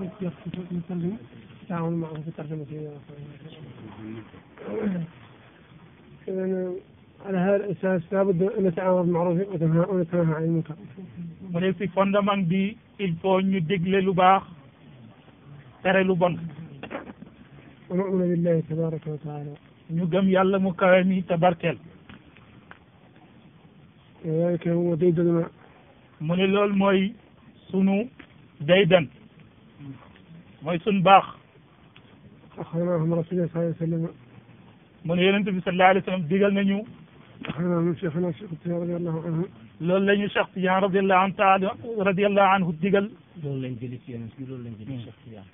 كنت نسلم تعاون معهم في ترجمة إذا على هذا الأساس لابد أن نتعاون بالمعروف ونتناهى عن المنكر. mu ne si fondement bi il faut ñu dégle lu baax tere lu bon. wa nu'minu billahi tabaraka wa taala. ñu gëm yàlla mu kawe mi te barkeel. wa dalika huwa dayduna. mu ne loolu mooy sunu daydan. Moysunbaax. axbarahum rasulullah sallallahu alayhi wa sallam. mu ne yonent bi sallallahu alayhi wa sallam digal nañu. axbarahum min cheikhina cheikh Tidiane radiallahu anhu. loolu la ñu cheikh Tidiane radiallahu anhu taala radiallahu anhu digal. loolu lañ jëli ci yonent bi loolu lañ jëli cheikh Tidiane.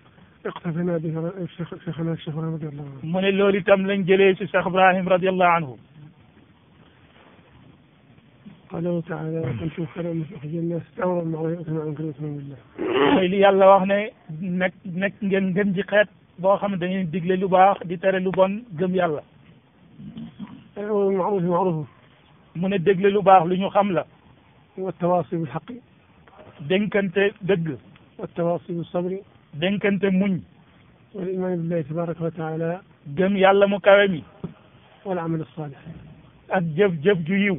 iqtafina bi cheikhina cheikh radiallahu anhu. mu ne loolu itam lañ jëlee ci cheikh Ibrahim radiallahu anhu. قال الله تعالى كنتم خيرا من اخرج الناس تاورا مع غيركم عن كلمه من الله خير يلا واخنا نك نك نجن دم دي خيت بو خم دني ديغلي لو باخ دي تري أيوة، معروف معروف من ديغلي لو باخ لو نيو خم لا والتواصي بالحق والتواصل دغ والتواصي بالصبر دنكنت والايمان بالله تبارك وتعالى گم يلا مكرمي والعمل الصالح الجف جف جيو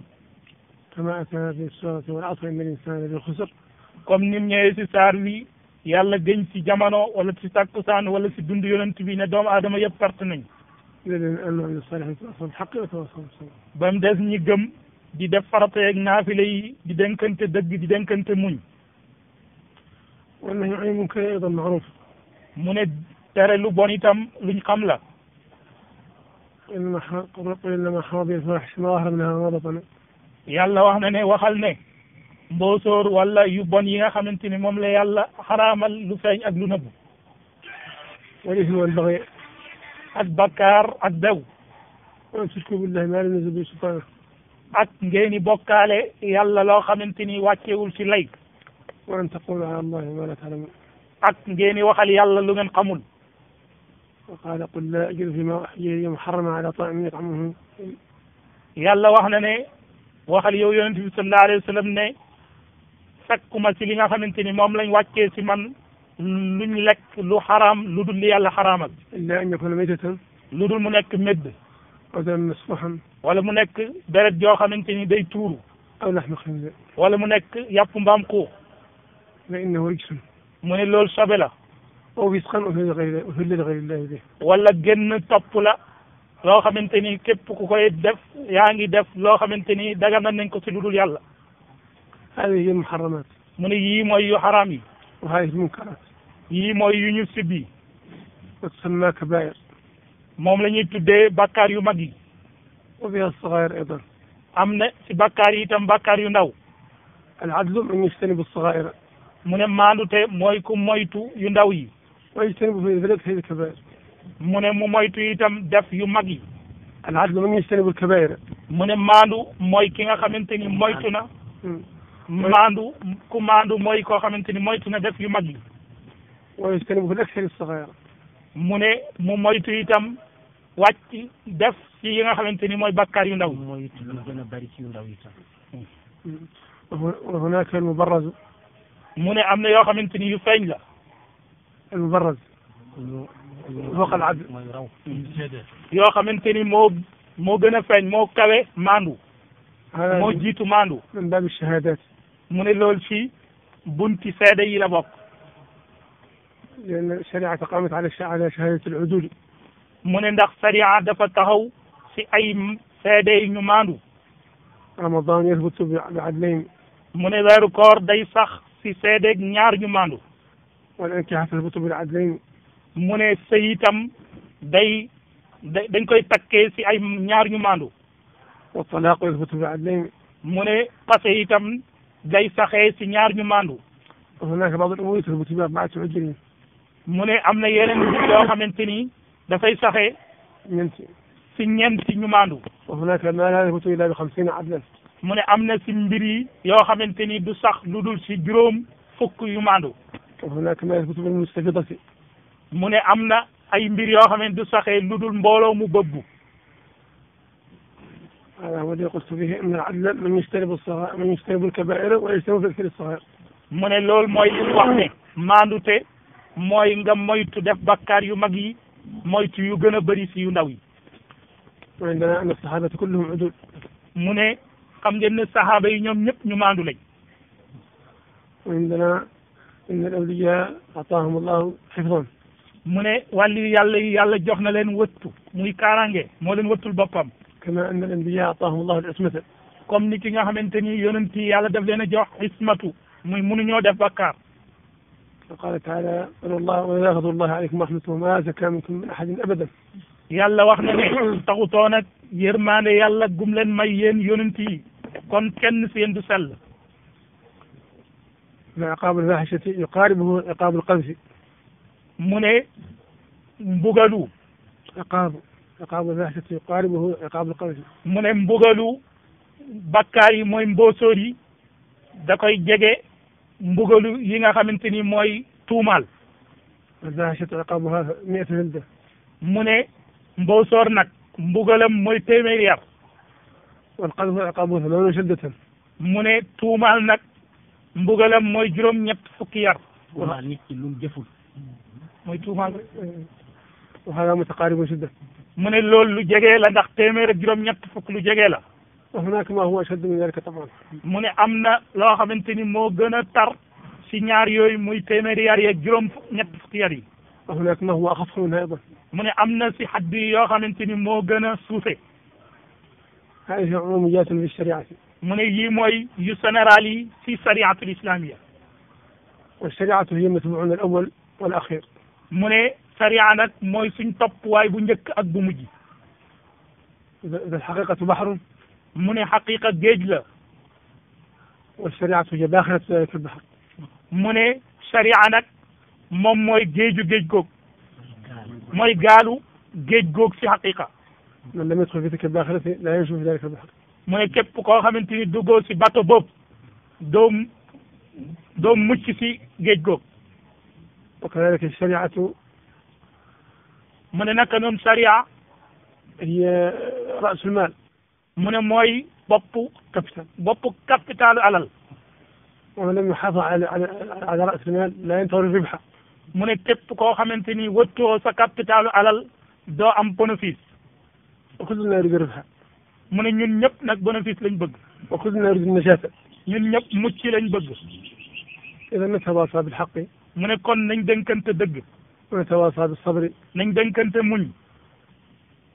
كما أتنا في سورة والعصر من الإنسان الذي خسر كم نمي يسي ساروي يالا دين سي جمانو ولا سي تاكسان ولا سي دند يولن تبين دوم آدم يب فرطنين لذن أنه من الصالح أصل حق وتوصل بسم بام داز ني جم دي دف فرط يك نافلي دي دن كنت دق دي دن كنت مون والله يعني ممكن أيضا معروف من تاري لو بوني تام لن قملا إنما حاضر إنما حاضر فرح سماهر منها نضطنين yàlla wax na ne waxal ne mboosóor wala yu bon yi nga xamanteni mom la yàlla haramal lu feñ ak lu nëbbu wala ci wal baxi ak bakkaar ak daw wala billahi ma lam nazal bi sultaan ak ngeeni bokale yàlla lo xamanteni wàccewul ci lay wa an taqulu ala allahi ma la taalamun ak ngeeni waxal yàlla lu ngeen xamul وقال قل لا اجر فيما أحيي يوم حرم على طعام يطعمه يلا واحنا waxal yow yonent bi sallallahu alayhi wa sallam ne sakkuma ci li nga xamante ni moom lañ wàccee si man luñ lekk lu xaraam lu dul li yàlla xaraamal illa an yakuna maytatan lu dul mu nekk médd aw daman masfuhan wala mu nekk deret joo xamante ni day tuuru aw laxmu xinziir wala mu nekk yàpp mbaam xuux fa innahu rijsun mu ne loolu sobe la aw fisqan uhilla li gayri llahi bih wala génn topp la loo xamante ni kepp ku koy def yaa ngi def loo xamante ni daganal nañ ko si lu dul yàlla hadihi muharramat mu ne yii mooy yu xaraam yi wa hadihi mooy yu ñu sibbi wa tusamma kabair moom la ñuy tuddee bàkkaar yu mag yi wa fiha sagair aidan am yi itam bàkkaar yu ndaw al adlu an yajtanibu sagaira mu ne maandu te mooy ku yu ndaw yi wa yajtanibu fi dalik mu ne mu moytu itam def yu mag yi. al'adlu man yajtanibul kabaa'ir. mu ne maandu mooy ki nga xamante ni moytu na. Hmm. maandu ku maandu mooy koo xamante ni moytu na def yu mag yi. wa yajtanibul akthar as-saghaa'ir. mu ne mu moytu itam wàcc def ci yi nga xamante ni mooy bakkaar yu ndaw. mooy lu gën a bari ci yu ndaw yi tam. Hmm. wa hunaaka al-mubarraz. mu ne am na yoo xamante ni yu feeñ la. al-mubarraz. yoo xalaat yoo xamante ni moo moo gën a feeñ moo kawe maandu. moo jiitu maandu. min baabi shahadat. mu ne loolu ci bunti seede yi la bokk. لأن الشريعة قامت على على شهادة العدول. mu ne ndax sariya dafa taxaw si ay seede yi ñu maandu. Ramadan yathbutu bi adlayn. mu ne weeru koor day sax si seedeeg ñaar ñu maandu. wal inkihaas yathbutu bil adlayn. mu ne sëy itam day dañ koy takkee si ay ñaar ñu maandu wa talaaqu yathbutu bi adlayn mu ne pase itam day saxee si ñaar ñu maandu wa hunaaka ba'du l-umuuri yathbutu bihaa ma'a t-ta'ayyun mu ne am na yeneen yoo xamante ni dafay saxee ñeenti si ñeenti ñu maandu wa hunaaka maa laa yathbutu illaa bi xamsiina adlan mu ne am na si mbir yi yoo xamante ni du sax lu dul si juróom fukk yu maandu wa hunaaka maa yathbutu bil mustafidati mu ne am na ay mbir yoo xam ne du saxee lu dul mbooloo mu bëbbu هذا هو الذي قلت به ان العدل من يجتنب الصغائر من يجتنب الكبائر ويجتنب تكفير الصغائر mu ne loolu mooy li wax ne maandute mooy nga moytu def bakkaar yu mag yi moytu yu gën a bëri si yu ndaw yi وعندنا ان الصحابة كلهم عدول mu ne xam ngeen ne saxaaba yi ñoom ñëpp ñu maandu lañ وعندنا ان الاولياء اعطاهم الله حفظا mu ne wàlli yàlla yi yàlla jox na leen wëttu muy kaaraange moo leen wëttul boppam kama anna al anbiya ataahum allahu al ismata comme ni ki nga xamante ni yonent yi yàlla daf leen a jox ismatu muy munuñoo def bakkaar فقال taala قل الله ولا يغضب alaykum عليكم ma ما minkum min ahadin abada yàlla wax na ne taxutoo nag yërmaande yàlla gum leen may yéen yonent yi kon kenn si yéen du sell. من عقاب الفاحشة يقاربه عقاب القذف mu ne mbugalu iqaabu iqaabu dahshati yuqaaribuhu iqaabu ne mbugalu bakkaar yi mooy mbóosóor yi da koy jege mbugalu yi nga xamante ni mooy tuumaal dahshati iqaabuha miatu hilda mu ne mbóosóor nag mbugalam mooy téeméeri yar wal qadfu iqaabuhu thamanuuna shiddatan mu ne tuumaal nag mbugalam mooy juróom ñett fukki yar moy toufan euh mutaqaaribun jiddan mu ne loolu lu jege la ndax téeméer ak juróom-ñett fukk lu jege la wa hunaka ma huwa shadd min dalika taban mune amna lo xamanteni mo xamante tar ci ñaar yoy muy téeméeri yar yi ak juróom ñett fukki yar yi wa hunaka ma huwa axafu minha aydan mu ne am na yo xamanteni mo yoo xamante hay moo gën a suufe هذه عموميات في الشريعة من يي موي يو سنرالي في الشريعة والشريعة هي متبوعنا الأول والأخير mu ne sariya nag mooy suñ topp waay bu njëkk ak bu mujj al xaqiqatu baxrun mu ne xaqiqa géej la wa sariatu hiya daaxilat dalika al bahr nag moom mooy géeju géej googu mooy gaalu géej googu si xaqiqa man lam yadxul fi tilka al daaxilati laa yanjuw fi dalika al képp koo xamante ni duggoo si bato boobu doom doom mucc si géej googu وكذلك الشريعة من هناك نوم سريعة هي رأس المال من موي بابو كابتن بابو كابيتال على ومن لم يحافظ على على على رأس المال لا ينتظر الربح من كيب كو خامتيني وتو سا كابيتال على دو ام بونوفيس وخذنا الربح من ني نيب نك بونوفيس لاني بغ وخذنا رزق النشاط ني نيب موتشي لاني بغ اذا نتواصل بالحق mu ne kon nañ dënkante dëgg wa tawaasaa bi sabri nañ dënkante muñ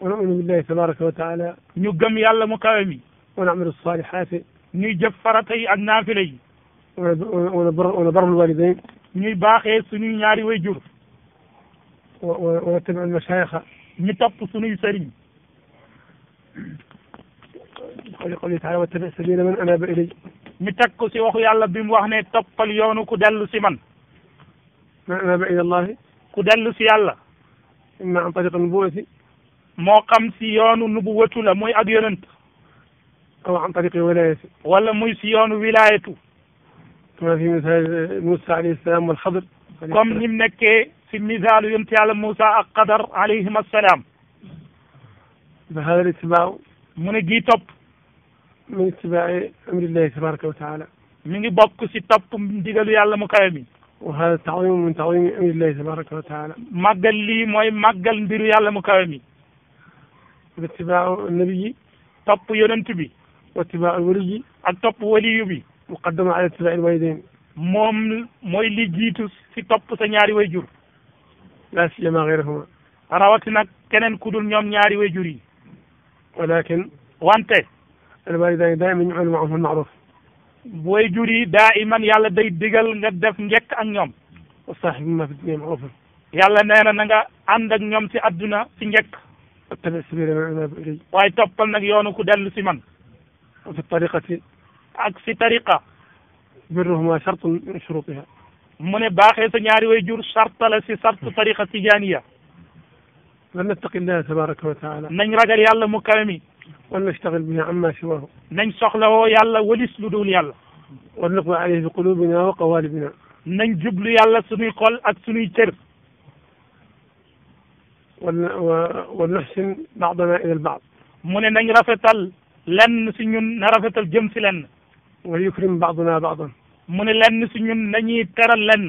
wa numinu billahi tabaraka wa taala ñu gëm yàlla mu kawe mi wa namalu saalihaati ñuy jëf farata yi ak naafila yi wana wana barul walidain ñuy baaxee suñuy ñaari way jur wa nattabi almashayixa ñu topp suñuy sëriñ qawli qawli taala wattabi sabila man anaba ilay ñu teg ko si waxu yàlla bi mu wax ne toppal yoonu ku dellu si man ما ما بعيد الله كدل في الله إما عن طريق النبوة ما قام سيان النبوة لا ما يأديون أنت أو عن طريق الولاية ولا ما يسيان ولايته كما في مثال موسى عليه السلام والخضر قام نمنك في المثال ينتهي على موسى القدر عليهما السلام بهذا الاتباع من جيتوب من اتباع امر الله تبارك وتعالى من بوكو سي توب ديغلو يالا مكايمي وهذا تعظيم من تعظيم امر الله تبارك وتعالى. ما قال لي ما ما قال ندير يلا مكرمي. اتباع النبي طب ينتبي واتباع الولي الطب ولي بي مقدم على اتباع الوالدين. موم موي لي جيتو سي طب سنياري ويجور. لا سيما غيرهما. راوتنا كنن كودول نيوم نياري ويجوري. ولكن وانت الوالدين دائما يعلموا عنه المعروف. way jur yi daa yàlla day digal nga def njëkk ak ñoom wa sahbi ma fi dunya ma'rufan yàlla nee na na nga ànd ak ñoom si adduna si njëkk wattabi sabila man anaba ilay toppal nag yoonu ku dellu si man wa fi tariqati ak si tariqa birruhuma shartun min shurutiha mu ne baaxee sa ñaari way jur sarta la si sart tariqa tijaniya wa nattaqi llaha tabaraka wa ragal yàlla mu ونشتغل بها عما سواه نن سخلو يالا وليس لدول يالا ونقوى عليه بقلوبنا وقوالبنا نن جبل يالا سنوي قول اك سنوي ونحسن بعضنا الى البعض من نن رفتل لن سنون نرفتل جمس لن ويكرم بعضنا بعضا من لن سنون نن ترل لن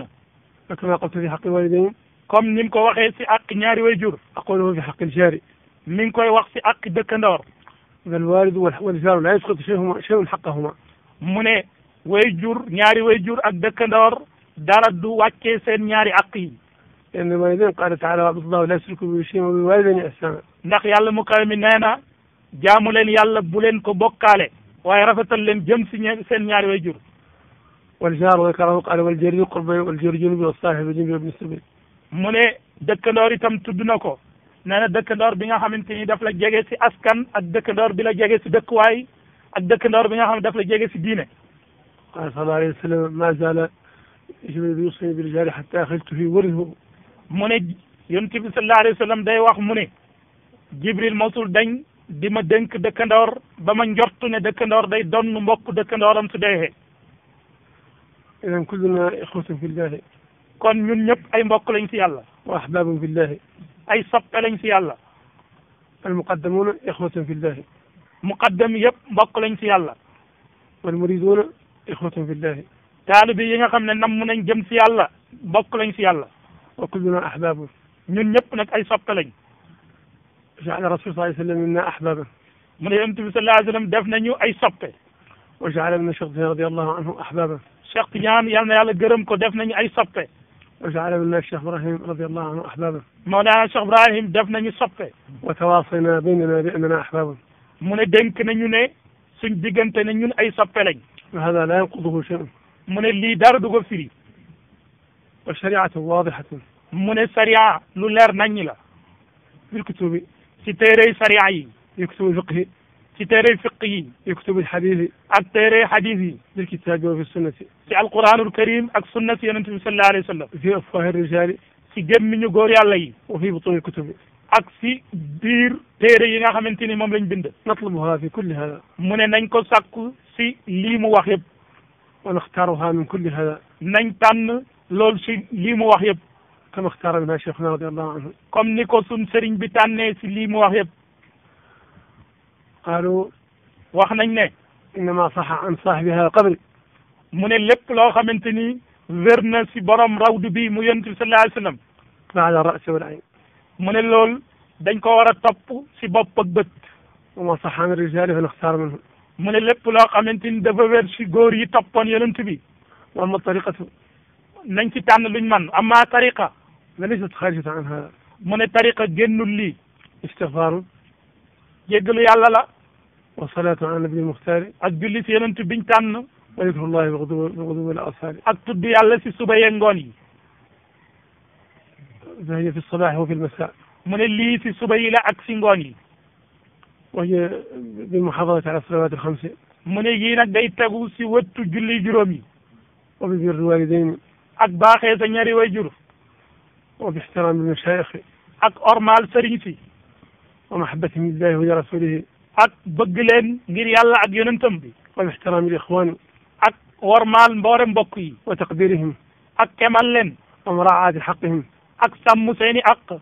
كما قلت في حق الوالدين كم نمكو وخي سي ويجور اقوله في حق الجاري منكو وخي سي اك إذا الوالد والجار لا يسقط شيئهما شيء حقهما. مني ويجر نياري ويجر أدك نار دار الدو وكيسين نياري عقيم. لأن يعني الوالدين قال تعالى وعبد الله لا يسلكوا بشيء وبالوالدين إحسانا. نخ يالله مكرم نانا جامولين يالله بولين كو بوكالي واي رفت لين جم سين نياري ويجر. والجار ويكرهه قال والجري قربي والجري جنبي والصاحب جنبي وابن السبيل. مني دك نار تم تدنكو. nana dëkk dëkkandoor bi nga xamante ni daf la jege si askan ak dëkk dëkkandoor bi la jege si dëkkuwaay ak dëkk dëkkandoor bi nga xam ne daf la jege si diine mu ne yonent bi sallallahu alayhi wa day wax mu ne Jibril mosul dañ di ma dénk dëkkandoor ba ma njortu ne dëkkandoor day donn mbokk dëkkandooram su deexee kon ñun ñëpp ay mbokk lañ si yàlla wa ahbabun fi أي صبق لين في الله المقدمون إخوة في الله مقدم يب بق لين في الله والمريدون إخوة في الله تعالوا بيجينا خمنا نمنا نجم في الله بق لين في الله وكلنا أحباب من يبنك أي صبق لين جعل رسول صلى الله عليه وسلم منا أحبابا من يمت صلى الله عليه وسلم دفنا نيو أي صبق وجعل من شخص رضي الله عنه أحبابا شخص يام يان يالا قرمكو دفنا نيو أي صبق وجعل منا الشيخ ابراهيم رضي الله عنه احبابه مولانا الشيخ ابراهيم دفنا nañu وتواصينا بيننا باننا احبابه من ne نيوني سن ديغنت suñ اي ne وهذا لا ينقضه شيء من اللي دار dara du وشريعة واضحة من السريعة sariya نانيلا. في الكتب ستيري téere sariya يكتب فقهي كتاب الفقهيين يكتب الحديث التاري حديثي بالكتاب وفي السنة في القرآن الكريم السنة في النبي صلى الله عليه وسلم في أفواه الرجال في جم من يقوري الله وفي بطون الكتب أكسي دير تيري ينها من تيني مملين بند نطلبها في كل هذا من ننكو ساكو سي لي موخيب ونختارها من كل هذا ننتن لول سي لي موخيب كما اختار لنا شيخنا رضي الله عنه كم نكو سن سرين بتاني سي لي موخيب قالوا واخنا نني انما صح عن صاحبها قبل من لب لو خمنتني زرنا سي بروم راود بي مو ينت صلى الله عليه وسلم بعد راس والعين من لول دنج كو ورا توب سي بوب اك بت وما صح عن الرجال فنختار منهم من لب لو خمنتني دا فير سي غور يي توبون ينت بي وما طريقه نانتي تان لوني مان اما طريقه ليست خارجه عنها هذا من طريقه جنولي لي استغفار يغلو يالا لا وصلاة على النبي المختار أقول لي سيلن تبين تانو ولكن الله بغضوب الأصحاب أكتب دي على سي غوني زهية في الصباح وفي المساء من اللي في سبي لا عكس غوني وهي بالمحافظة على الصلوات الخمسة من يجينا داي تغوسي وتو جلي جرومي وببر الوالدين أك باخي سنياري ويجر وباحترام المشايخ أك أرمال سرينسي ومحبة من الله ak bëgg leen ngir yàlla ak yonentam bi wal ixtiraami l ixwaan ak warmaal mboore mbokk yi wa taqdirihim ak kemal leen wa muraati xaqihim ak sàmm seeni aq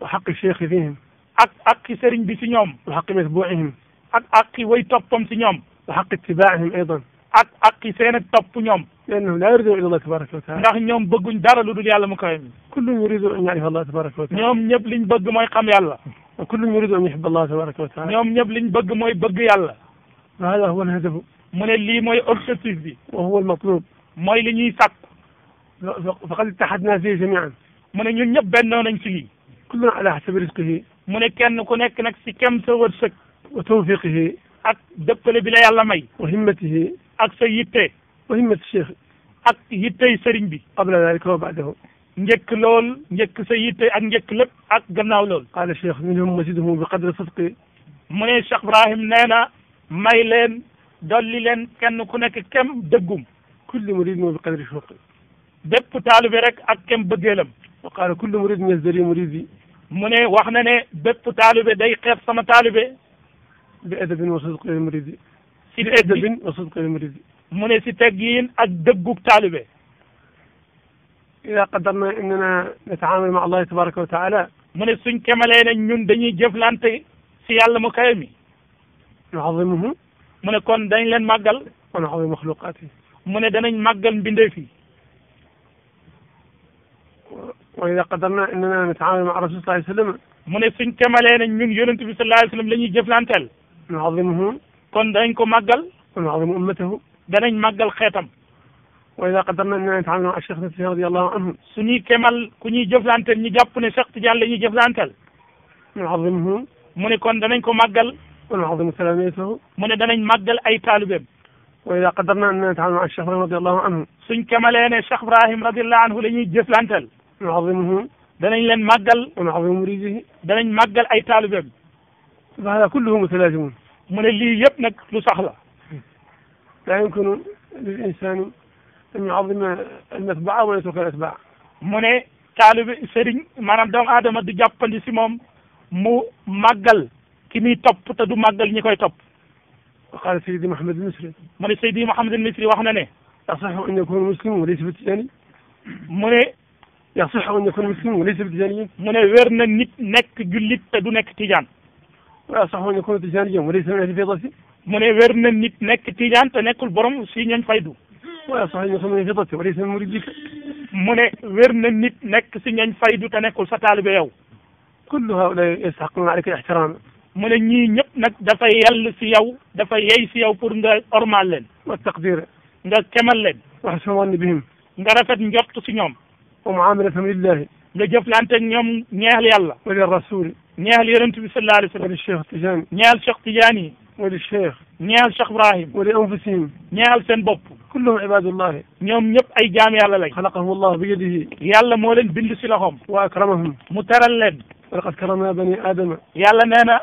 wa xaqi cheikhi fihim ak aqi sëriñ bi si ñoom wa xaqi matbuihim ak aqi way toppam si ñoom wa xaqi ittibaihim aydan ak aqi seen ak topp ñoom لأنهم لا يريدون إلا الله تبارك وتعالى ndax ñoom bëgguñ dara lu dul yàlla mu kawe mi كلهم يريدون أن يعرف الله تبارك وتعالى ñoom ñëpp liñ bëgg mooy xam yàlla وكل يريد ان يحب الله تبارك وتعالى يوم يبلن بق ما يبق يلا هذا هو الهدف من اللي ما يؤكسف به وهو المطلوب ما اللي يسق فقد اتحدنا فيه جميعا من ان ينب انه ننسي كلنا على حسب رزقه من كان هناك نكسي كم سوى سك وتوفيقه اك دبل بلا يلا مي وهمته اك سيته وهمة الشيخ اك يتي سرين بي قبل ذلك وبعده njëkk lool njëkk sa yitte ak njëkk lépp ak gannaaw lool. qaala cheikh minhum maziduhum bi qadri sidqi mu ne Cheikh Ibrahim nee na may leen dolli leen kenn ku nekk kem dëggum. kulli muridin bi qadri shawqi bépp taalibe rek ak kem bëggeelam. wa qaala kullu muridin yazdari muridi mu ne wax na ne bépp taalibe day xeeb sama taalibe. bi adabin wa sidqi lil muridi. si teggin bi adabin wa sidqi lil muridi mu ne si teggiin ak dëggug taalibe. اذا قدرنا اننا نتعامل مع الله تبارك وتعالى من السن كمالين نون داني جيف لانت سي مكايمي نعظمه من كون داني لن ماغال ونعظم مخلوقاته من دا نني ماغال مبيندي واذا قدرنا اننا نتعامل مع الرسول صلى الله عليه وسلم من السن كمالين نون يونت بي صلى الله عليه وسلم لاني جيف لانتل نعظمه كون داني كو ماغال ونعظم امته دا نني خيتم وإذا قدرنا أن نتعامل مع الشيخ نفسه رضي الله عنه سني كمال كني جفل أنت ني جاب كني شخص جال لي جفل أنت نعظمه من يكون دنينكو مقل ونعظم سلاميته من دنين مقل أي طالب وإذا قدرنا أن نتعامل مع الشيخ رضي الله عنه سني كمال أنا الشيخ إبراهيم رضي الله عنه لي جفل أنت نعظمه دنين لن مقل ونعظم مريجه دنين مقل أي طالب فهذا كله متلازمون من اللي يبنك لصحلة لا يمكن للإنسان أن يعظم المتبع ويترك الأتباع من طالب سرين مانام دوم ادم دي جابندي سي موم مو ماغال كيمي توب تا دو ماغال ني كوي توب قال سيدي محمد المصري من سيدي محمد المصري واخنا ني يصح ان يكون مسلم وليس بتجاني من يصح ان يكون مسلم وليس بتجاني من ويرنا نيت نيك جوليت تا دو نيك تيجان يصح ان يكون تيجان وليس من الفيضه من ويرنا نيت نيك تيجان تا نيكول بروم سي نين فايدو waaw sax ñoo xam ne fi dotti wari seen murid dikk mu ne wér na nit nekk si ñañ faydu te nekkul sa taalibe yow kullu haula yastahiquna alayka ihtirama mu ne ñii ñëpp nag dafa yell si yow dafa yey si yow pour nga ormal leen wa taqdir nga kemal leen wa xasawani bihim nga rafet njort si ñoom wa muamalatam lillahi nga jëflante ak ñoom ñeexal yàlla wa lirrasuli ñeexal yonent bi sallallahu alayhi wa sallam ñeexal Cheikh Tidiane ñeexal Cheikh Tidiane yi وللشيخ نيال الشيخ ابراهيم ولانفسهم نيال سن بوب كلهم عباد الله نيوم نيب اي جامع لك خلقهم الله بيده يالا مولين بند سلاهم واكرمهم مترا لد ولقد كرمنا بني ادم يالا نانا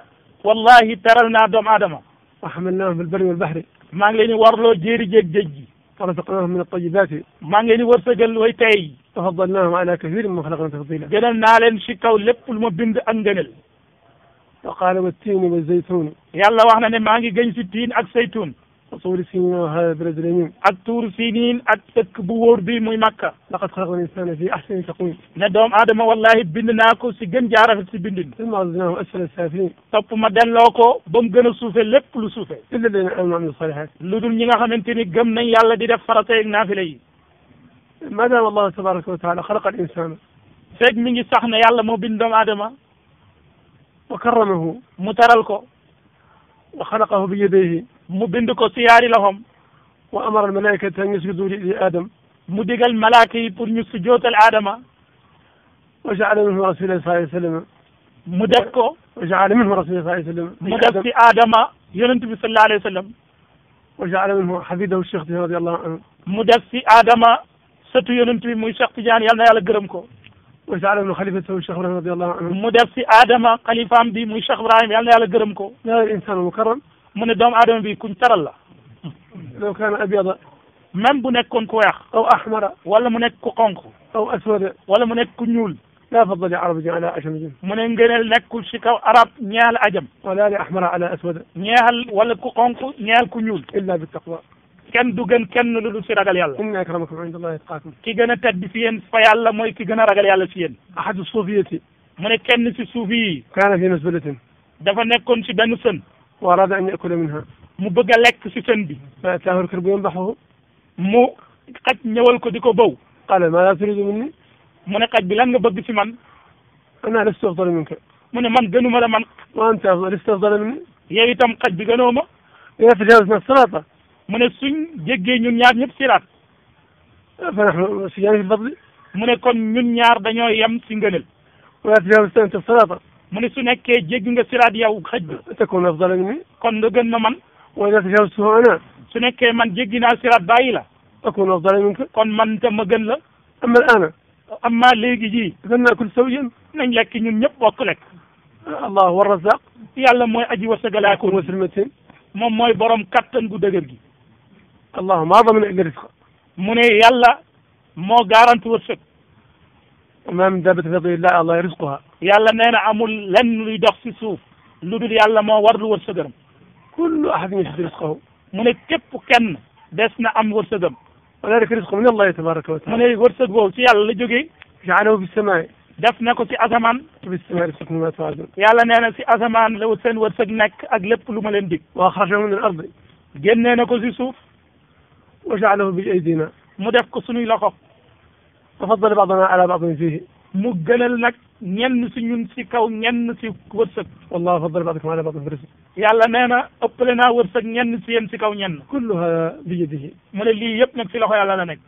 والله ترلنا دوم ادم وحملناهم في البر والبحر ما لين ورلو جيري جيك جيجي ورزقناهم من الطيبات ما لين ورسقل ويتاي تفضلناهم على كثير من خلقنا تفضيلا جلنا لين شكاو لب المبند انجنل وقال والتين والزيتون يلا واحنا نمانجي جنس التين أك زيتون وطور سينين وهذا البلد الأمين الطور سينين أتك بور بي موي مكة لقد خلق الإنسان في أحسن تقويم ندوم آدم والله بنناكو سجن جارة في سبندن ثم عزناه أسفل السافلين طب ما لوكو بوم جن سوفي لب كل إلا الذين آمنوا وعملوا الصالحات لدول نيغا خمنتني جمنا يلا دي دفرتين فرتين نافلي ماذا والله تبارك وتعالى خلق الإنسان فيك من صحنا يلا مو بندوم آدم وكرمه مترلكو وخلقه بيديه مبندكو سياري لهم وأمر الملائكة أن يسجدوا لآدم مدق الملائكة pour ñu sujjootal وجعل منه رسول الله صلى الله عليه وسلم مدكو وجعل منه رسول الله صلى الله عليه وسلم مدك في آدم ينتبه صلى الله عليه وسلم وجعل منه حفيده الشيخ رضي الله عنه مدك في آدم ستو ينتبه من موي شيخ تجاني يالنا وتعالى الخليفة الشيخ إبراهيم رضي الله عنه مدرس آدم خليفة أمدي مو الشيخ إبراهيم يعني على قرمكو يا الإنسان المكرم من دوم آدم بي كنت ترى الله لو كان أبيض من بنك كون كويخ أو أحمر ولا كو كونكو أو أسود ولا منك كنيول لا فضل عربي على أجم من إنجن لك كل شيء عرب نيال أجم ولا احمر على أسود نيال ولا كو كونكو نيال كنيول إلا بالتقوى كان دوغن كان لودو سي راغال يالا ان اكرمكم عند الله يتقاكم كي غنا تاد في ين موي كي غنا راغال يالا سي احد الصوفيه من كان سي صوفي كان في مسبله دا فا نيكون سي واراد ان ياكل منها مو بغا ليك سي سن بي فا تاهر مو قد نيول كو ديكو قال ما تريد مني من قد بي لان بغ سي انا لست افضل منك من من غنوما لا من وانت لست افضل مني يا ريتام قد بي غنوما يا فجاز من السلطه mu ne suñ jéggee ñun ñaar ñëpp siraat fanaxnu si yani fi fadli mu ne kon ñun ñaar dañoo yem si ngënel walaat anta sirata mu ne su nekkee jéggi nga siraat yow xaj bi takon kon nga gën ma man wala tajawaztu ana su nekkee man jéggi naa siraat bàyyi la akun afdala minka kon man ta ma gën la ama ana amma léegi ji gën naa kul sawiyan nañ lekk ñun ñëpp bokk lekk allah wa razaq yàlla mooy aji wasagalaako wasilmatin moom mooy borom kattan gu dëgër gi الله ما ضمن إلا رزقه من يلا مو قارن توسك امام من دابة بيضي الله الله يرزقها يلا نينا عمل لن يدخسي سوف لدل يلا ما ورد ورسقرم كل أحد يحب رزقه من كيف كان دسنا أم ورسقرم ولذلك رزقه من الله تبارك وتعالى من ورسقه وشي يلا اللي جوكي جعله في السماء دفنك في أزمان في السماء رزقنا ما تفعله يلا نينا في أزمان لو سن ورسقناك أقلب كل ملندي وأخرجه من الأرض جنناك في سوف وجعله بأيدينا مو داف كسنوي لقف تفضل بعضنا على بعض فيه مو جلل لك نين سنين سكا ونين سك ورسك والله فضل بعضكم على بعض في رسك يا نانا أبلنا ورسك نين سين سكا ونين كل هذا بيده من اللي يبنك في لقاء الله لنك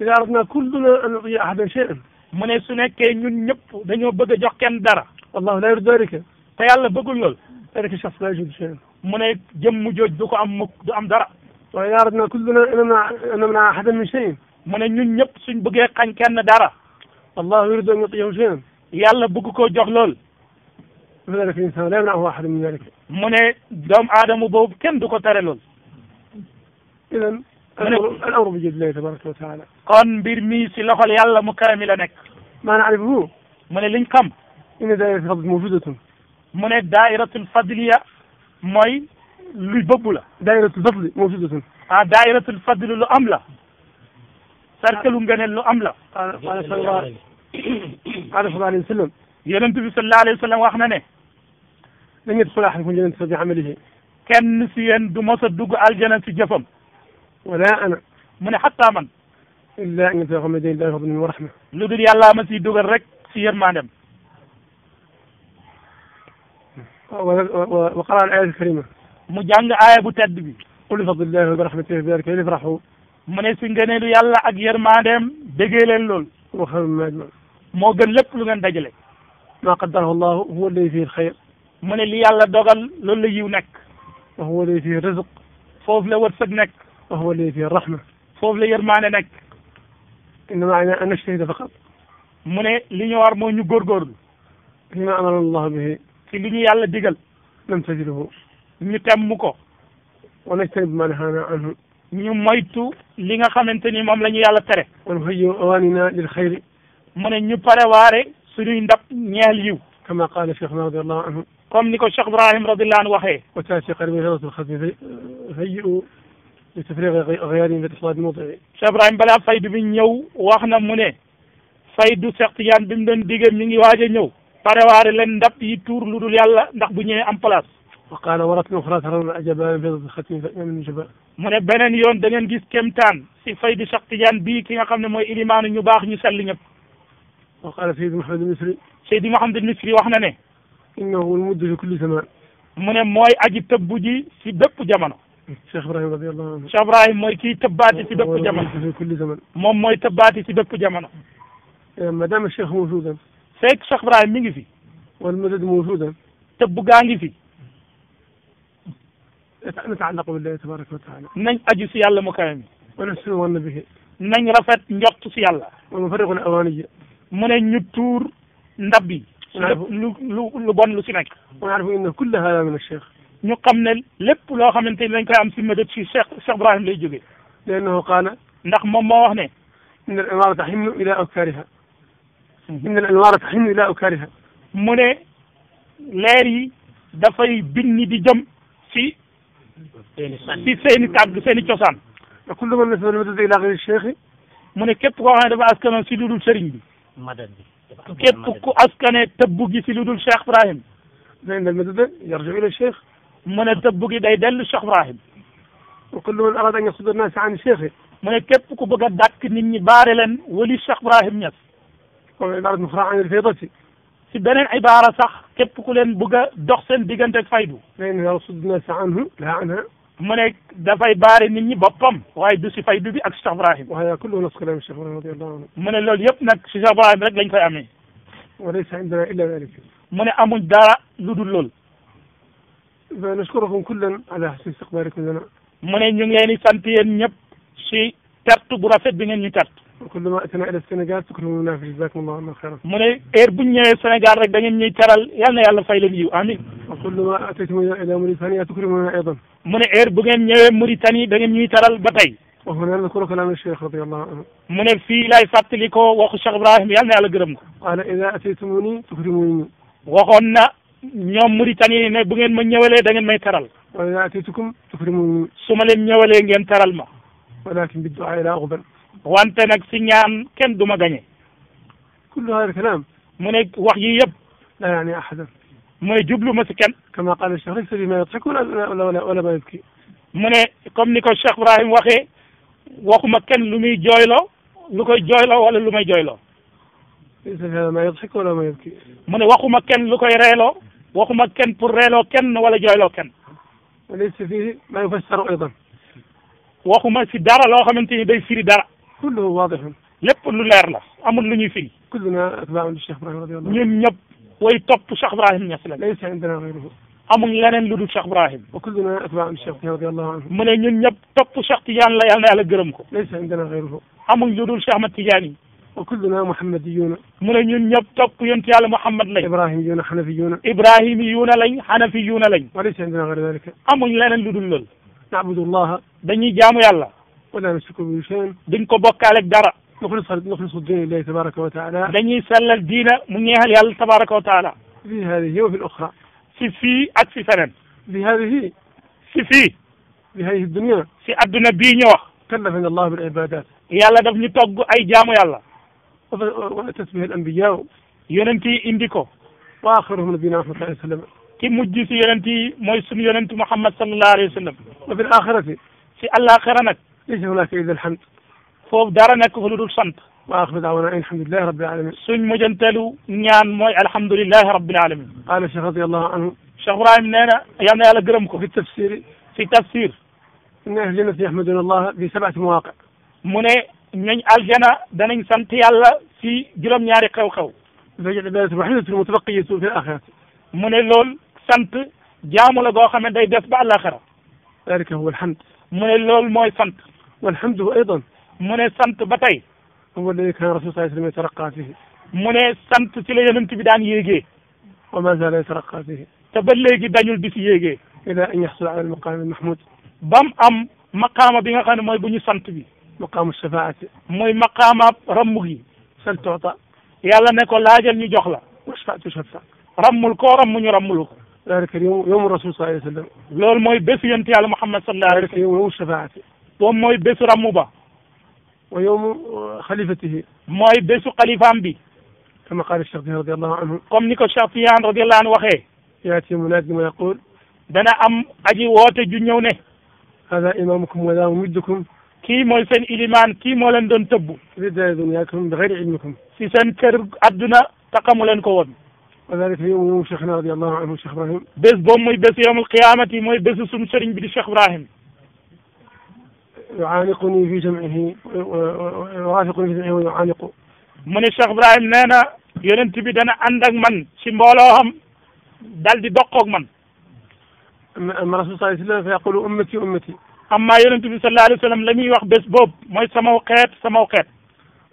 إذا أردنا كلنا أن نضيع أحد شيئا من السنين كي نين نب دنيو بدأ جاكين دارا والله لا يرد ذلك فيا الله بقول لك ذلك الشخص لا يجد شيئا من جم جوج دوك أمك دو أم دارا وإذا أردنا كلنا أن نمنع أحدا من شيء mu ne ñun ñëpp suñ bëggee xañ kenn dara الله يريد أن يطيعه شيئا yàlla bëgg koo jox lool فذلك الإنسان لا يمنعه أحد من ذلك mu ne doomu aadama boobu kenn du ko tere lool إذا الأمر بيد الله تبارك وتعالى kon mbir mii si loxol yàlla mu kawe mi la nekk ما نعرفه mu ne liñ xam إن دائرة الفضل موجودة mu ne dairatul fadliya mooy luy bopp la daayiratul fadli moo fi desul ah daayiratul fadli lu am la sarkalu ngëneel lu am la qala sallallahu alayhi wa sallam yonent bi sallallahu alayhi wa sallam wax na ne lan yadxul ahadukum al-jannata bi amalihi kenn si yéen du mos a dugg aljana si jëfam wala ana mu ne xataa man illa an yatawaffani llaahu bi fadlihi wa rahmah lu dul yàllaa ma siy dugal rek si yërmaandem wa wa wa qara al ayat al karima مجانج آية بوتاد قل فضل الله ورحمته بيارك اللي فرحو من سنجنة لو يالا أغير ما دم بيجيل اللول وخير الله جل موغن لك لغن دجلي ما قدره الله هو اللي فيه الخير من اللي يالا دوغل لول يو وهو اللي فيه رزق فوف لو ورسق وهو اللي فيه الرحمة فوف لو يرمان نك إنما أنا أنا شهيد فقط من اللي يوار مو نيو غور غور أمر الله به اللي يالا دجل لم تجده ñu temm ko wanajtanib ma nahaana anhu ñu moytu li nga xamante ni moom la ñu yàlla tere wanahayyu awaaninaa lil xayri mu ne ñu préwaare suñuy ndab ñeel yiw kama qaala cheikhna radiallahu anhu comme ni ko cheikh ibrahim radiallahu anhu waxee wa taasi qarbi heratul xasmi hayyu ibrahim balaa faydu bi ñëw wax na mu ne faydu Cheikh Tidiane bi mu doon digge mi ngi waaj a ñëw préwaare leen ndab yi tuur lu dul yàlla ndax bu ñëwee am place وقال ورث اخرى ترى العجب بيض الختم من الجبل من بنن يوم دا نين غيس كمتان سي فايد شقتيان بي كيغا خا مني موي ايمان ني باخ ني سال نيب وقال سيد محمد المصري سيد محمد المصري واخنا ني انه المد في كل زمان من موي اجي تبوجي سي بيب جامانو شيخ ابراهيم رضي الله عنه شيخ ابراهيم موي كي تباتي سي بيب جامانو في كل زمان موم موي تباتي سي بيب جامانو إيه، دام الشيخ موجودا فيك شيخ ابراهيم ميغي في والمدد موجودا تبو غانغي في نتعلق بالله تبارك وتعالى nañ aju si yàlla mu kawe mi wala suwan bihi nañ rafet njott si yàlla wa nufarriqu al awaniya mu ne ñu tuur ndab bi lu lu lu bon lu si nekk wa naarifu inna kulla hada min alcheikh ñu xam ne lépp loo xamante ni dañ koy am si méthode si Cheikh Cheikh Ibrahim lay jógee لأنه قال ndax moom moo wax ne إن الأنوار تحن إلى أوكارها إن الأنوار تحن إلى أوكارها mu ne leer yi dafay binni di jëm si si seeni kàddu seeni cosaan kullu man nasaba nimatata ila xayri cheikhi mu ne képp koo xam ne dafa askanoon si ludul sëriñ bi madan bi képp ku askane tëbb gi si ludul Cheikh Ibrahim fa inna almadada yarju ila cheikh mu ne tëbb gi day dellu Cheikh Ibrahim wa kullu man arada an yasuda annaasa an cheikhi mu ne képp ku bëgg a dàkk nit ñi baare leen wali Cheikh Ibrahim Niass wa ibarat muxra an alfaydati si beneen ibaara sax képp ku leen bëgg a dox seen diggante ak faydu layne yarsud nasa anhu la anha mu ne dafay baare nit ñi boppam waaye du si faydu bi ak Cheikh Ibrahim waaye kullu nas kalam Cheikh Ibrahim radiyallahu anhu mu ne loolu yëpp nag si Cheikh Ibrahim rek lañ koy ame wa laysa indana illa dalik ne amuñ dara lu dul loolu fa nashkurukum kullan ala husni istiqbalikum lana mu ne ñu ngi leen sant yéen ñëpp si tertu bu rafet bi ngeen ñu tertu وكلما اتنا الى السنغال تكونوا منا في جزاكم الله من خير من اير بو نيي السنغال رك داني ني تيرال يالنا يالا فاي لي بيو امين وكلما اتيتم الى موريتانيا تكرمنا ايضا من اير بو نيي نيي موريتاني داني ني تيرال باتاي وهنا نذكر كلام الشيخ رضي الله عنه من في لاي فاتليكو واخو الشيخ ابراهيم يالنا يالا غرمكو قال اذا اتيتموني تكرموني وخونا ñom mauritanie ne bu ngeen ma ñewale da ngeen may taral wala atitukum tukrimu suma len ñewale ngeen taral ma walakin bidu'a ila ghubal wante nag si ñaan kenn du ma gañe kullu hada alkalam mu ne wax yi yëpp la yaani ahadan mu ne jublu ma si kenn kama qala cheikh laysa bi ma yadxik wala wala wala ma yubki mu ne comme ni ko cheikh ibrahim waxee waxuma kenn lu muy jooyloo lu koy jooyloo wala lu may jooyloo laysa fi hada ma yadxik wala ma yubki mu ne waxuma kenn lu koy reeloo waxuma kenn pour reeloo kenn wala jooyloo kenn وليس فيه ما يفسر ايضا waxuma si dara loo xamante ni day firi dara كله واضح لب لو ليرلا امول لو ني كلنا اتباع الشيخ ابراهيم رضي الله عنه نيم نيب الشيخ ابراهيم نسل ليس عندنا غيره امول لنن لودو الشيخ ابراهيم وكلنا اتباع الشيخ رضي الله عنه من ني نيب توب الشيخ تيان لا يالنا يالا غرمكو ليس عندنا غيره امول لودو الشيخ احمد وكلنا محمديون من ني نيب توب ينت يالا محمد لاي ابراهيم يونا حنفيون ابراهيم يونا لاي حنفيون لاي وليس عندنا غير ذلك امول لنن لودو لول نعبد الله دني جامو الله ولا نشرك به شيئا دينكو بوكالك دارا نخلص نخلص الدين لله تبارك وتعالى دني يسال الدين من يهل يال تبارك وتعالى في هذه وفي الاخرى في في اك في فنن في هذه في في في هذه الدنيا في ادنا بيني واخ كلفنا الله بالعبادات يالا داف ني توغ اي جامو يالا وتسبيح الانبياء يوننتي انديكو واخرهم نبينا محمد صلى الله عليه وسلم كي مجي سي يونتي موي سن يونتي محمد صلى الله عليه وسلم وفي الاخره في الاخره نك لجنه لك اذا الحمد فوق دارنا كفلو دول واخر دعوانا الحمد لله رب العالمين سن مجنتلو نيان موي الحمد لله رب العالمين قال الشيخ رضي الله عنه شيخ ابراهيم نينا يعني يا لقرمكو في التفسير في التفسير ان اهل في يحمدون الله في سبعه مواقع من نين الجنا دانين سنت يالا في جرم ياري خو خو فجد بيت الوحيدة المتبقية في الآخرة من اللول سنت جامل غوخة من دي بعد الآخرة ذلك هو الحمد من اللول موي سنت والحمد أيضا من سمت بتاي هو الذي كان الرسول صلى الله عليه وسلم يترقى فيه من سمت تلي ينمت بدان يجي وما زال يترقى فيه تبلغ دانيول بس يجي إلى أن يحصل على المقام المحمود بام أم مقام بيغا خان موي بني سنت بي مقام الشفاعة موي مقام رمغي سل تعطى يالا نكو لاجل ني جوخلا وشفاعة تشفع رمل كو رم ني رمل كو ذلك اليوم يوم الرسول صلى الله عليه وسلم لول موي بس ينتي على محمد صلى الله عليه وسلم يوم الشفاعة توم موي بيسو رموبا ويوم خليفته موي بيسو خليفة بي كما قال الشيخ دين رضي الله عنه كم نيكو الشيخ رضي الله عنه وخي ياتي منادي ما يقول دنا ام اجي ووتي جو هذا امامكم ولا مجدكم كي موي سن اليمان كي مولن دون تبو بدايه دنياكم بغير علمكم في كر ادنا تقام لن كون وذلك يوم يوم شيخنا رضي الله عنه الشيخ ابراهيم بس بوم موي بس يوم القيامه موي بس سن سرين بدي الشيخ ابراهيم يعانقني في جمعه ويرافقني في جمعه ويعانق من الشيخ ابراهيم نانا يرنتي بدنا عندك من سيمبولهم دال دي دقوك من اما رسول صلى الله عليه وسلم فيقول امتي امتي اما يرنتي صلى الله عليه وسلم لم يوق بس بوب ما يسمى وقيت سما وقيت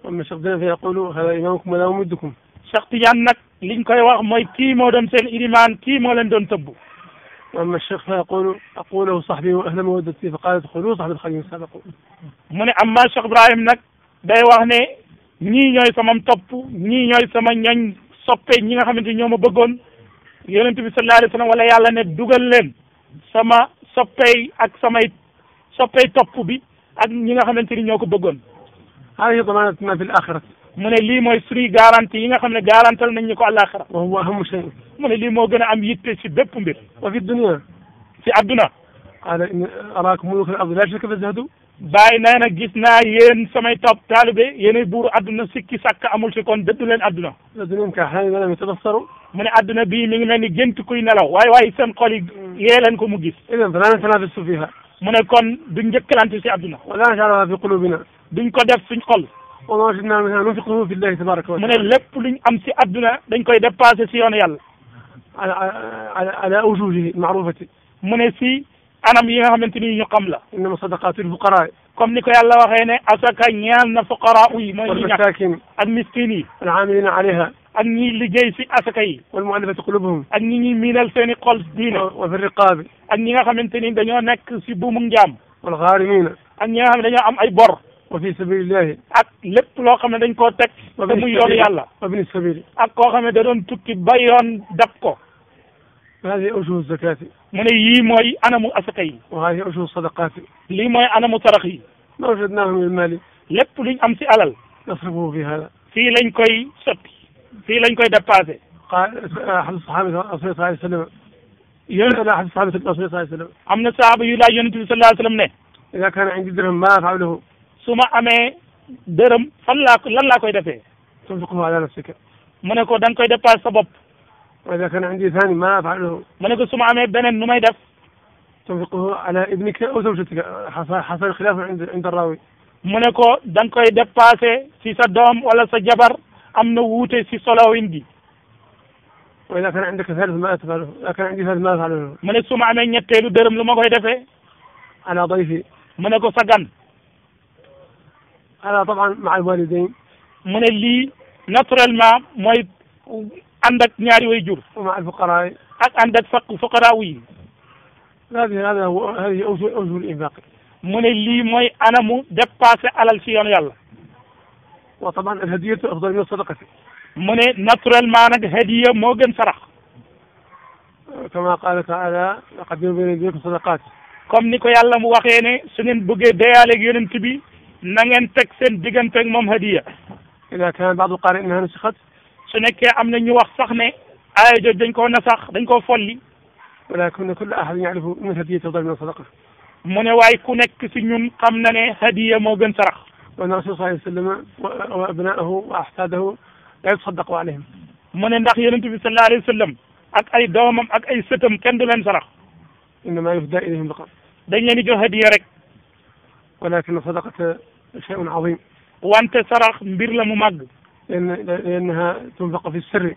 اما الشيخ دينا فيقول هذا امامكم ولا امدكم شيخ يانك لينكاي واخ موي كي مو دم سين ايمان كي مو دون تبو واما الشيخ فيقول اقوله صاحبي واهل مودتي فقال ادخلوا صاحب الخليل سبقوا mu ne amma Cheikh Ibrahim nag day wax ne ñii ñooy sama topp ñii ñooy sama ñoñ soppe ñi nga xamante ñoo ma bëggoon yonent bi sallallahu alayhi wa sallam wala yàlla ne dugal leen sama soppey ak samay soppey topp bi ak ñi nga xamante ni ñoo ko bëggoon هذه ضمانة ما في الآخرة من اللي ما يسري جارانتي هنا خمنا جارانتل نيكو على الآخرة وهو أهم شيء من اللي ما قلنا أم يتبس بيبهم بير وفي الدنيا في عبدنا قال إن أراك ملوك الأرض لا شك فزهدوا باينا أنا جسنا ين سمي توب طالبة ين بور عبدنا سكي سكة أمول شكون دبلن عبدنا لازم كحالي ما لم يتبصروا من عبدنا بي من من جنت كوينا لو واي واي سام قالي يلن كم جس إذا فلان فلان في السفيها من يكون دنجك لانتي سي عبدنا ولا شعرها في قلوبنا duñ ko def suñ xol wa ma wajadnaa minhaa munfiqan fi llaahi tabaaraka wa taala mu ne lépp luñ am si adduna dañ koy dépassé si yoonu yàlla ala ala ujuhi maarufati mu ne si anam yi nga xamante ni ñu xam la innama sadaqaatu lfuqaraa comme ni ko yàlla waxee ne asaka ñeel na fuqaraa yi mooy ñu ñàkk ak miskin yi alaamilina alayha ak ñi liggéey si asaka yi wal muallafati qulubuhum ak ñi ñuy miinal seen i xol diine wa fi riqaabi ak ñi nga xamante ni dañoo nekk si buumu njaam wal xaarimina ak ñi nga xam ne dañoo am ay bor وفي سبيل الله اك لب لو خامي دنج كو تك مو يور يالا وفي سبيل اك كو خامي دا دون توكي بايون داب هذه اجور الزكاه من يي موي انا مو اسقي وهذه اجور الصدقات لي موي انا مو ترخي ما وجدناه من المال لب لي ام سي علل نصرفه في هذا في لنج كوي سوتي في لنج كوي دباسي قال احد الصحابه صلى الله عليه وسلم يقول احد الصحابه صلى الله عليه وسلم امن الصحابه يلا يونس صلى الله عليه وسلم نه اذا كان عندي درهم ما افعله su ma amee dërëm fan laa ko lan laa koy defee tunfiquhu ala nafsika mu ne ko da nga koy dépasse sa bopp wa ida kana indi thani ma afaluhu mu ne ko su ma amee beneen nu may def tunfiquhu ala ibnika aw zawjatika xasal xilaafu inda rawi mu ne ko da nga koy dépassé si sa doom wala sa jabar am na wuute si solowin bi wa ida kana indaka thalith ma afaluhu ida kana indi thalith ma afaluhu mu ne su ma amee ñetteelu dërëm lu ma koy defee ala dayfi mu ne ko sa gan هذا طبعا مع الوالدين من اللي نطر الماء موي عندك نياري ويجور ومع الفقراء عندك فق فقراء وين هذه هذا هذه اوزو اوزو الانفاق من اللي موي انا مو دباس على الشيان يلا وطبعا الهدية افضل من الصدقة من نطر الماء هدية موغن صراخ كما قال تعالى لقد يبين لكم صدقات كم نيكو يالله مو واخيني سنين بوغي ديالك يونتبي na ngeen teg seen diggante ak moom hadiya ila kaan baadu qaari innaha nusixat su nekkee am na ñu wax sax ne aaya jooju dañ koo nasax dañ koo folli walakin kulla ahadin yaarifu min hadiyati afdal min sadaqa mu ne waaye ku nekk si ñun xam na ne hadiya moo gën sarax wa anna rasul sallallahu alayhi wa sallam wa abnaahu wa ahsaadahu la yutasaddaqu alayhim mu ne ndax yonent bi sallallahu alayhi wa sallam ak ay doomam ak ay sëtam kenn du leen sarax innama yufda ilayhim faqat dañ leen di jox hadiya rek ولكن صدقة شيء عظيم وانت صرخ مبير لا mu لان لأنها تنفق في السر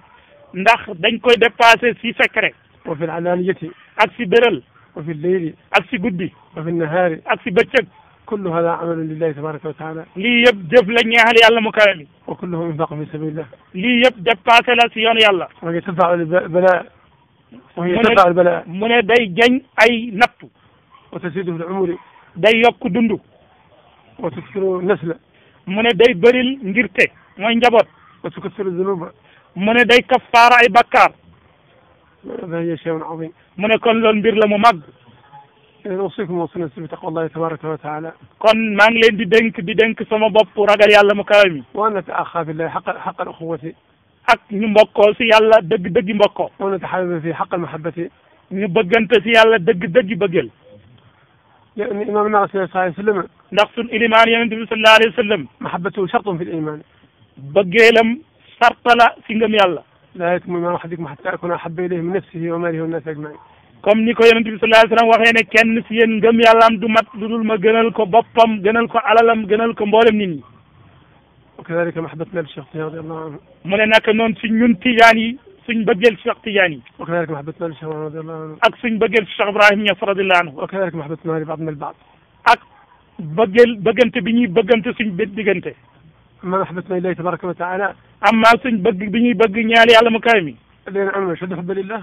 ندخ dañ koy في سكري وفي العلانية اكسي برل وفي الليل اكسي si وفي النهار اكسي si كل هذا عمل لله تبارك وتعالى لي يب جف لا الله يالا مكرمي وكله انفاق في سبيل الله لي يب دباس لا سيون يالا وهي تدفع البلاء وهي تدفع البلاء من داي جن اي نبت وتزيد في العمر داي يوك دندو wa tuskiru nasla mu ne day bëril ngir te mooy njaboot wa tukassiru zunuba mu ne day kaffaara ay bakkaar ذلك شيء عظيم mu ne kon loolu mbir la mu mag أوصيكم وأوصي نفسي بتقوى الله تبارك وتعالى. kon maa ngi leen di dénk di dénk sama bopp ragal yàlla mu kawe mi. وأن نتأخى بالله حق حق الأخوة. ak ñu mbokkoo si yàlla dëgg dëgg mbokkoo. وأن نتحابب في حق المحبة. ñu bëggante si yàlla dëgg dëgg bëggal. لأن الإمام ناقص صلى الله عليه وسلم نقص الإيمان يعني النبي صلى الله عليه وسلم محبته شرط في الإيمان بقيلم شرط لا سنجم يلا لا يكمل من أحدكم حتى أكون أحب إليه من نفسه وماله والناس أجمعين كم نيكو ko yonent صلى الله عليه وسلم waxee كان نسيان جم يلا ngëm yàllaam du ما lu dul ma gënal ko boppam gënal وكذلك محبتنا للشيخ رضي الله عنه. من هناك نون noonu si أقسم الشيخ تجاني وكذلك محبتنا مالي شهوان رضي الله عنه أقسم بجل الشيخ إبراهيم ياس رضي الله عنه وكذلك محبتنا لبعضنا البعض أق بقل بقنت بني بجنت سن بدقنت أما محبتنا لله تبارك وتعالى أما سن بق بني بق نيالي على مكايمي لأن أنا شد حب لله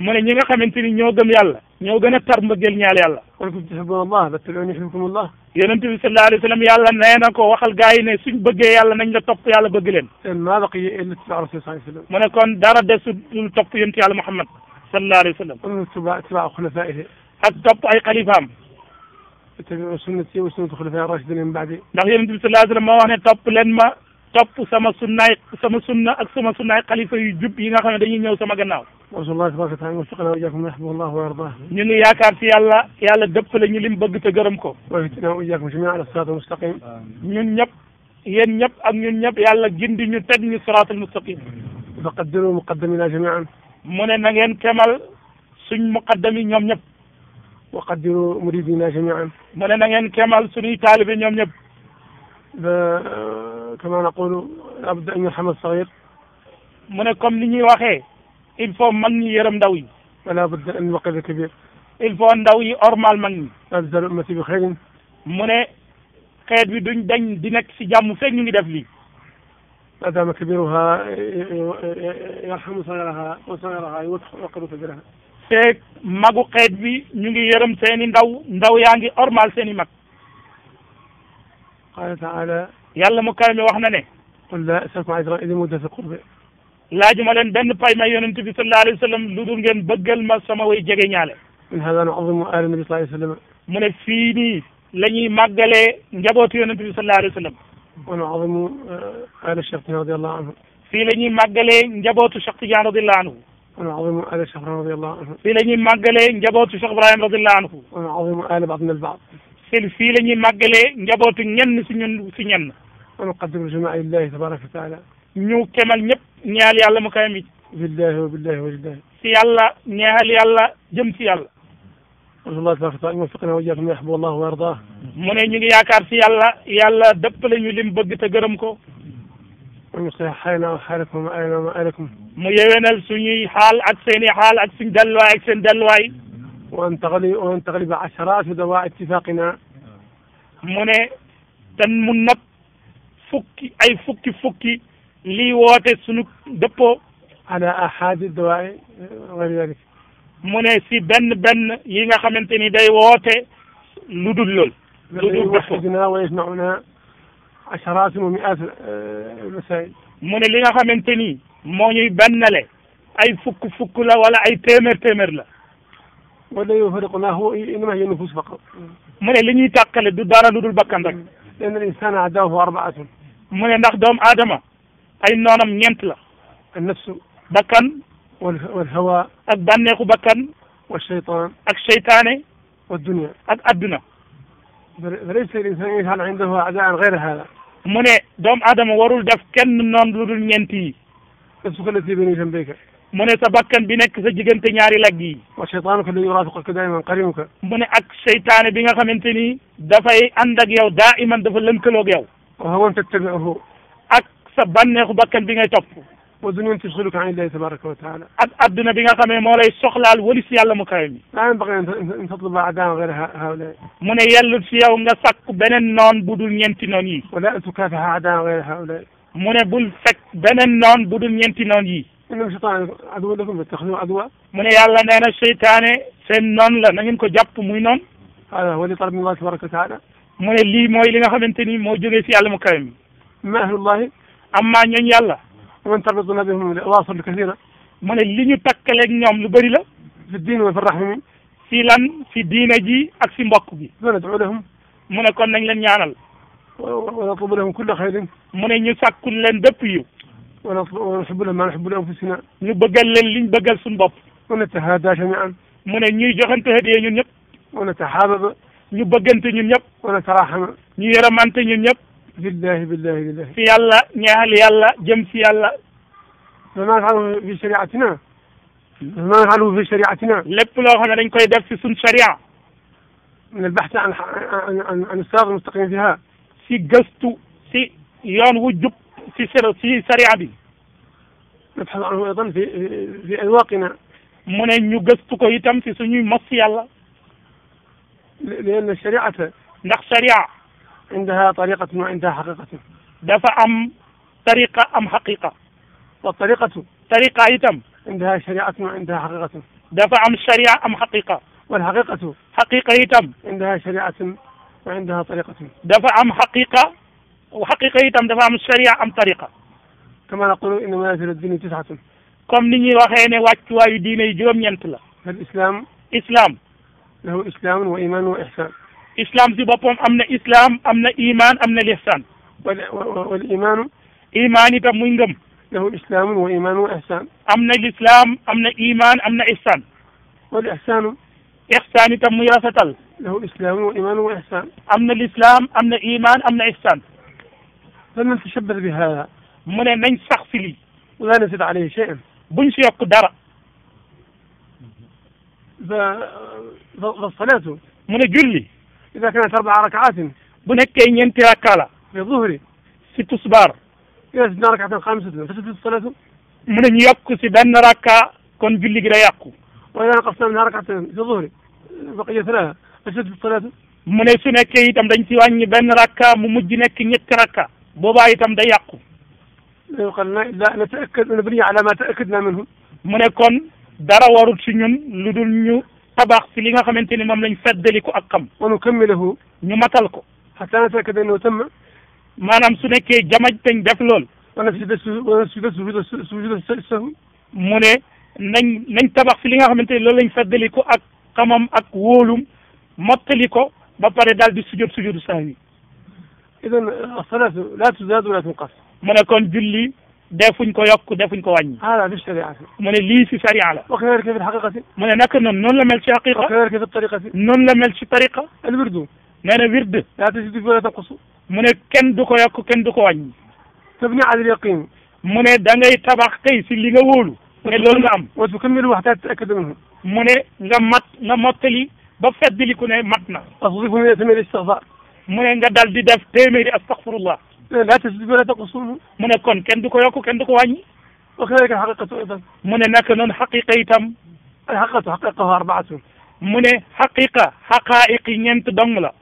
mu ne ñi nga xamante ni ñoo gëm yàlla ñoo gën a tar mbëggeel ñaal yàlla qultum tuhibbuna allah fattabi'uni yuhbibkumu allah yonente bi sallallahu alayhi wa sallam yàlla nee na ko waxal gars yi ne suñ bëggee yàlla nañ la topp yàlla bëgg leen ma baqiya illa ittibaa'u rasul sallallahu alayhi wa sallam mu ne kon dara desul dul topp yonent yàlla muhammad sallallahu alayhi wa sallam ittibaa'u xulafaa'ihi ak topp ay xalifaam ittabi'u sunnati wa sunnata xulafaa'i raashidina min ba'di ndax yonente bi sallallahu alayhi wa sallam moo wax ne topp leen ma topp sama sunnaay sama sunna ak sama sunnaay xalifa yu jub yi nga xam ne dañuy ñëw sama gannaaw macha allah tabaraka taala wafiqna waiyakum yahbu allah wa yardah ñu ngi yaakaar si yàlla yàlla dëppale ñu lim bëgg te gërëm ko wa fiqna waiyakum jamian ala siraat almustaqim ñun ñëpp yéen ñëpp ak ñun ñëpp yàlla gindi ñu teg ñu siraat almustaqim faqaddiru muqaddamina jamian mu ne na ngeen kemal suñ muqaddam yi ñoom ñëpp wa qaddiru muridina jamian mu ne na ngeen kemal suñuy taalibe ñoom ñëpp kama naqulu labda an yarhama sagir mu ne comme ni ñuy waxee il faut mag ñi yërëm ndaw yi wala budda an waqada kabir il faut ndaw yi ormal mag ñi abdal ummati bi xeyrin mu ne xeet bi duñ dañ di nekk si jàmm fekk ñu ngi def lii ma daama kabiruha yarhamu sagiraha wa sagiraha yuwaqqiru kabiraha fekk magu xeet bi ñu ngi yërëm seen i ndaw ndaw yaa ngi ormal seen i mag qaala taala yàlla mu kawe mi wax na ne qul laa as'alukum alayhi ajran in mudda fi qurbi laajuma leen benn pay may yonent bi sallallahu alayhi wa sallam lu dul ngeen bëggal ma sama way jege ñaale min hada nuazimu aali nabi sallallahu alayhi wa sallam mu ne fii nii la ñuy màggalee njabootu yonent bi sallallahu alayhi wa sallam wa nuazimu aali cheikh tidiane radiallahu anhu fii la ñuy màggalee njabootu cheikh tidiane radiallahu anhu wa nuazimu aali cheikh ibrahim radiallahu anhu fii la ñuy màggalee njabootu cheikh ibrahim radiallahu anhu wa nuazimu aali baad min al baad fii la ñuy màggalee njabootu ñenn si ñun si ñenn wa nuqaddimu li jumaai llahi tabaraka wa taala ñu kemal ñëpp ñaal yàlla mu kayam it billahi wa billahi wa billahi si yàlla ñaal yàlla jëm si yàlla الله تبارك وتعالى يوفقنا واياكم يحب الله ويرضاه من ñu ngi yaakaar si yàlla yàlla dëppale ñu lim bëgg te gërëm ko ويصلح حالنا وحالكم ومآلنا ومآلكم mu yewenal suñuy xaal ak seeni xaal ak suñ delluwaay ak seen delluwaay وأن تغلب وأن تغلب عشرات دواء اتفاقنا mu ne tan mu nag fukki ay fukki fukki lii woote sunu dëppoo ana ahadi dawaay wari yari mu ne si benn benn yi nga xamante ni day woote lu dul lool lu dul dëppoo wa yasmauna asharatin wa mi'at masail eh, mu ne li nga xamante ni moo ñuy bennale ay fukk fukk la wala ay téeméer téeméer la wala yow fariquna huwa innama hiya nufus faqat mu ne li ñuy tàqale du dara lu dul bakkan rek. lenn insaan adaahu arbaatun mu ne ndax doomu aadama ay noonam ñeent la annafsu bakkan wal hawa ak bànneexu bakkan wa shaytaan ak shaytaane wa dunia ak adduna falaysa al insan yajal indahu adaan gayra hada mu ne doomu aadama warul def kenn noon lu dul ñeent yi nafsuka allati bayna janbayka mu ne sa bakkan bi nekk sa diggante ñaari lagg yi wa shaytaanuka alladi yuraafiquka daiman qarinuka mu ne ak seytaane bi nga xamante ni dafay ànd ak yow daa iman dafa lënkaloog yow wa hawan tattabiahu ak sa bànneexu bakkan bi ngay topp wa dunyun tashghaluka an illahi tabaraka wa taala ak adduna bi nga xamee moo lay soxlaal walis yàlla mu kawe mi laa yanbaghi an tatluba adaa'an ghayra haa'ulaa'i mu ne yellut si yow nga sakku beneen noon bu dul ñeenti noon yi wala an tukaafiha adaa'an ghayra haa'ulaa'i mu ne bul fekk beneen noon bu dul ñeenti noon yi inna shaytaana aduwwun lakum fattakhidhuuhu aduwwan mu ne yàlla nee na seytaane seen noon la na ngeen ko jàpp muy noon haadaa huwa alladhii talaba min Allahi tabaraka wa taala mu ne lii mooy li nga xamante ni moo jógee si yàlla mu kawe mi ma ahlullahi amma ñooñ yàlla man tarbatuna bihum waasulu kasira mu ne li ñu takkaleeg ñoom lu bëri la fi diin wa fi si lan si diina ji ak si mbokk gi dona duu e mu ne nañ leen ñaanal wa natlubu lahum kulla xayrin mu ne ñu sàkkul leen bépp yiw wa nuhibbu lahum maa nuhibbu li anfusina ñu bëggal leen li bëggal suñu bopp wa natahaadaa jamiian mu ne ñuy joxante hadiya ñun ñëpp wa natahaababa ñu bëggante ñun ñëpp wa natarahama ñu yërëmante ñun ñëpp لله بالله لله في الله نهل يلا جم في الله ما نفعله في شريعتنا ما نفعله في شريعتنا لب الله هنا لنكو يدف في سن شريعة من البحث عن عن عن, عن الصراط المستقيم فيها في قصته في يوم وجب في سر نبحث عنه ايضا في في اذواقنا لان الشريعه عندها طريقة وعندها حقيقة دفع أم طريقة أم حقيقة والطريقة طريقة أيتم عندها شريعة وعندها حقيقة دفع أم الشريعة أم حقيقة والحقيقة حقيقة أيتم عندها شريعة وعندها طريقة دفع أم حقيقة وحقيقة أيتم دفع أم الشريعة أم طريقة كما نقول إن منازل الدين تسعة كم ni وخيني waxee يديني wàccuwaayu ينتلا الإسلام إسلام له إسلام وإيمان وإحسان اسلام زي بابوم امنا اسلام امنا ايمان امنا الاحسان والايمان ايماني بمينغم له اسلام وايمان واحسان امنا الاسلام امنا ايمان امنا احسان والاحسان احسان تميراثتل له اسلام وايمان واحسان امنا الاسلام امنا ايمان امنا احسان لن نتشبث بهذا من من شخص لي ولا نزيد عليه شيئا بنشي قدرة ذا ذا الصلاة من جلي إذا كانت أربع ركعات بنك إن ينتهي أكالا في ظهري ست سبار إذا زدنا ركعة خامسة فست الصلاة من يقو سبان ركع كون في اللي يقو وإذا نقصنا من ركعة في ظهري بقي ثلاثة فست الصلاة من ne su nekkee itam واني ci wàññi benn rakka mu mujj بوبا يتم rakka boobaa itam day yàqu la yuqalna illa nataakad nabni ala ma taakadna minhu mu ne kon tabax fi li nga xamante ni moom lañ feddaliku ak xam wa nukammilahu ñu matal ko hatta nata'akkada annahu tamma maanaam su nekkee jamaj dañ def lool wala si des wala si sa su mu ne nañ nañ tabax fi li nga xamante ni loolu lañ feddaliku ak xamam ak wóolum mottali ko ba pare daal di sujud sujudu sahwi idan as-salaatu laa tuzaadu wa laa tunqas kon julli defuñ ko yokk defuñ ko wàññi hada fi shariati mu ne lii si sharia la wa kadhalika fi alhaqiqati mu ne naka noonu noonu la mel ci haqiqa wa kadhalika fi tariqati noonu la mel ci tariqa al wirdu nee na wird la tazidu wala tanqusu mu ne kenn du ko yokk kenn du ko wàññi tabni ala al yaqin mu ne da ngay tabax kay si li nga wóolu mu ne loolu nga am wa tukammilu hatta tata'akkada minhu mu ne nga mat nga mottali ba feddli ku ne mat na tasdifu min tamir istighfar mu ne nga dal di def téeméeri astaghfirullah la tasbiru la taqsuru mu ne kon kenn du ko yokk kenn du ko wàññi wa kadalika alxaqiqatu aidan mu ne naka noonu xaqiqa itam alxaqiqatu xaqiqahu arbaatun mu ne xaqiqa xaqaaiqi ñeent dong la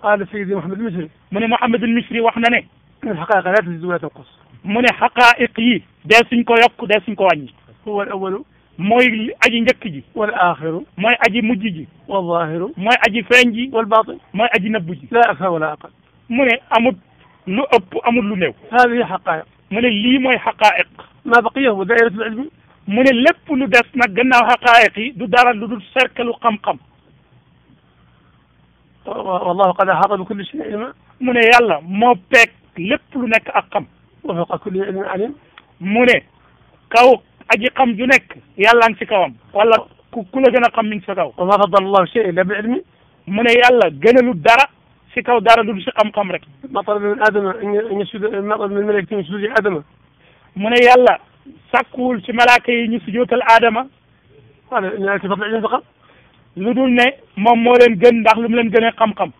qaala sayidi mohamad almisri mu ne mohamad almisri wax na ne alxaqaaqa la tasbiru la tanqus mu ne xaqaaiq yi dee suñ ko yokk dee suñ ko wàññi huwa al awalu mooy aji njëkk ji wal axiru mooy aji mujj ji wal zahiru mooy aji feeñ ji wal baatin mooy aji nëbb ji la akthar wala aqal mu ne amut lu ëpp amul lu néew. haadihi xaqaayiq. mu ne lii mooy xaqaayiq. maa baqiyahu daa'iratul ilmi. mu ne lu des nag gannaaw xaqaayiq yi du dara lu dul cercle lu xam-xam. wallahu qad ahaata mu ne yàlla moo peeg lu nekk ak xam. wa fawqa kulli ilmin mu ne kaw aji xam ju nekk yàlla ngi si kawam. wala ku ku la gën a xam mi ngi ci kaw. wa maa faddala allahu shay'an illa bil ilmi. mu ne yàlla dara. سكاو دار لول سقم قمرك مطلب من ادم ان يسجد مطلب من ملك يسجد ادم من يلا سكول سي ملائكه ني فقط لودول ني موم مولن گن داخ لوم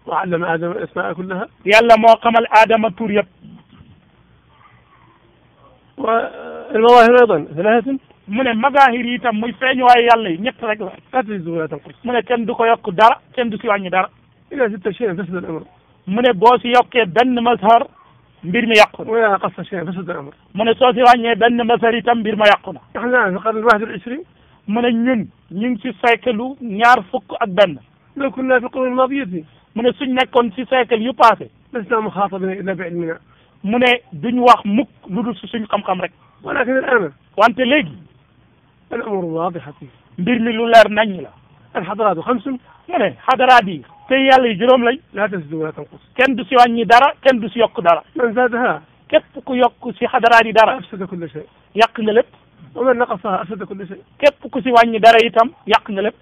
وعلم ادم الاسماء كلها يلا مو خم الادم تور يب والمظاهر ايضا ثلاثه من المظاهر تم موي فنيو يالله نيت رك فاتي زوره من كان دوكو يك كان دوكو واني الى ستة اشياء فسد الامر من بوسي يقي بن مسهر بير ما يقن ويا قصه شيء فسد الامر من صوتي راني بن مسهر تم بير ما يقن احنا في القرن ال 21 من نين نين سي سايكلو نيار فك اك بن لو كنا في القرون الماضيه من سن نكون سي سايكل يو بس لسنا مخاطبين الا بعلمنا من دون واخ مك لودو سن خم خم رك ولكن الان وانت ليجي الامور واضحه فيه بير لولار نانيلا الحضرات خمس من حضراتي تي يالي جروم لاي لا تزيد ولا تنقص كان دوسي واني دارا كان دوسي يوكو دارا من زادها كيف كو يوكو سي حضراني دارا افسد كل شيء يق نلب ومن نقصها افسد كل شيء كيف كو سي واني دارا يتم يق نلب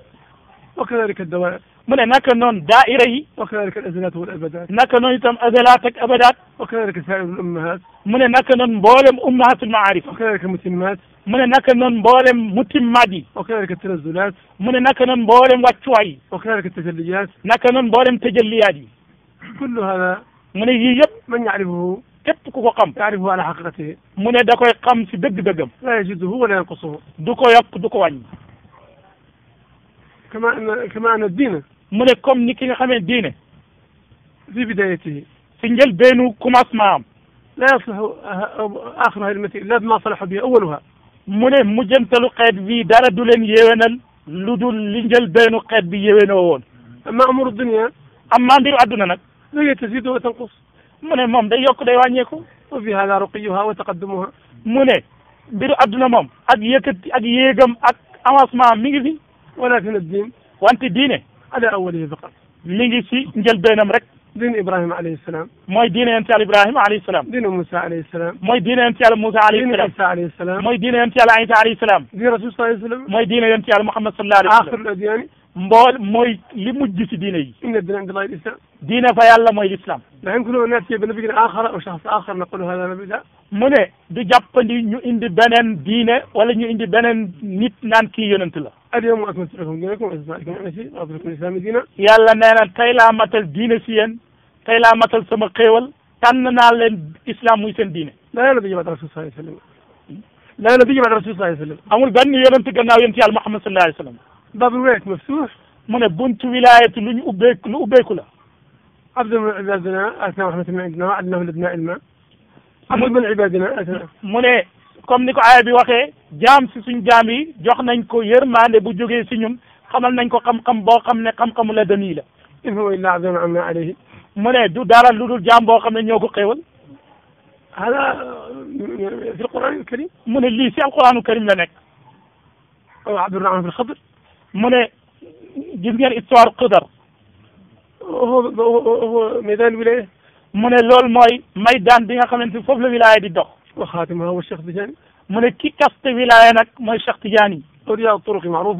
وكذلك الدوائر من هناك نون دائرة وكذلك الازلات والابدات هناك نون يتم ازلاتك ابدات وكذلك سائر الامهات من هناك نون بولم امهات المعارف وكذلك المتمات mu ne naka noonu mboolem mutimmaat yi wa kadalika tanazulaat mu ne naka noonu mboolem wàccuwaay yi wa kadalika tajalliyaat naka noonu mboolem tajalliyaat yi kullu hada mu ne yii yëpp man yaarifuhu képp ku ko xam yaarifuhu ala xaqiqatihi mu ne da koy xam si dëgg-dëggam laa yajiduhu wala yanqusuhu du ko yokk du ko wàññi kama anna kama anna diina mu ne comme ni ki nga xamee diine fi bidayatihi si njëlbeenu commencement am laa yaslahu axiru halimati illa bima salaha bihi awaluha mu ne mujjantalu xeet bi dara du leen yéwénal lu dul li njël njëlbeenu xeet bi yéwénoo woon. amma amuru am maa ndir àdduna nag. nu ngeen yaziidu wa tanqus. mu ne moom day yokk day wàññeeku. wa fi hada ruqiyuha wa taqaddumuha. mu ne mbiru àdduna moom. ak yëkkati ak yéegam ak avancement mi ngi fi. wala fi ad-diin. wante diine. ala awal awwalihi faqat. mi ngi si njël njëlbeenam rek. دين ابراهيم عليه السلام ماي دين انت على ابراهيم عليه السلام دين موسى عليه السلام ماي دين انت على موسى عليه السلام دين عيسى عليه السلام ماي دين انت على عيسى عليه السلام دين رسول الله عليه السلام ماي دين انت على محمد صلى الله عليه وسلم اخر الاديان مول ماي لي مجي في ديني ان الدين عند الله الاسلام دين في الله ماي الاسلام لا يمكن ان ناتي بنبي اخر او شخص اخر نقول هذا نبي لا مني دي جاب ني ني اندي بنن دين ولا ني اندي بنن نيت نان كي يونت الله اليوم اكملت لكم دينكم واتممت عليكم شيء ورضيت لكم الاسلام دينا يلا نانا تايلا لا ماتال سيان تايلا لا ماتال سما خيوال تان لين اسلام موي سن دين لا نبي بعد الرسول صلى الله عليه وسلم لا نبي بعد الرسول صلى الله عليه وسلم امول بن يونت غناو يونت يال محمد صلى الله عليه وسلم باب الولايه مفتوح من بنت ولايه لون اوبيك لو لا عبد من عبادنا اثناء رحمه من عندنا وعدنا ولدنا علما عبد من عبادنا اثناء من comme ni ko aaya bi waxee jaam si suñ jaam yi jox nañ ko yërmande bu jógee si ñun xamal nañ ko xam-xam boo xam ne xam-xamu la danii la in huwa illaa azim am na alayhi mu du dara lu dul jaam boo xam ne ñoo ko xéewal hada fi alquranil karim mu ne lii si alquranu karim la nekk aw abdurahman fi lxadr mu ne gis ngeen histoire xudar misal wilaya mu ne loolu mooy may daan bi nga xamante foofu la wilaya di dox وخاتمها هو الشيخ تجاني من كي قصد ولاية نك ما الشيخ تجاني أولياء الطرق معروف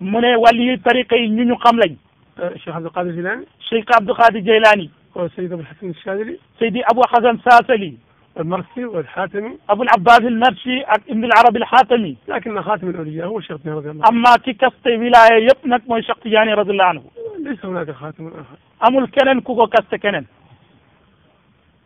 من ولي الطريق ينيو قملي أه، الشيخ عبد القادر جيلاني الشيخ عبد القادر جيلاني والسيد أه، أبو الحسن الشاذلي سيدي أبو حسن ساسلي المرسي والحاتمي أبو العباس المرسي ابن العربي الحاتمي لكن خاتم الأولياء هو الشيخ تجاني رضي الله عنه أما كي قصد ولاية يبنك ما الشيخ تجاني رضي الله عنه أه، ليس هناك خاتم آخر أم الكنن كوكو كاست كنن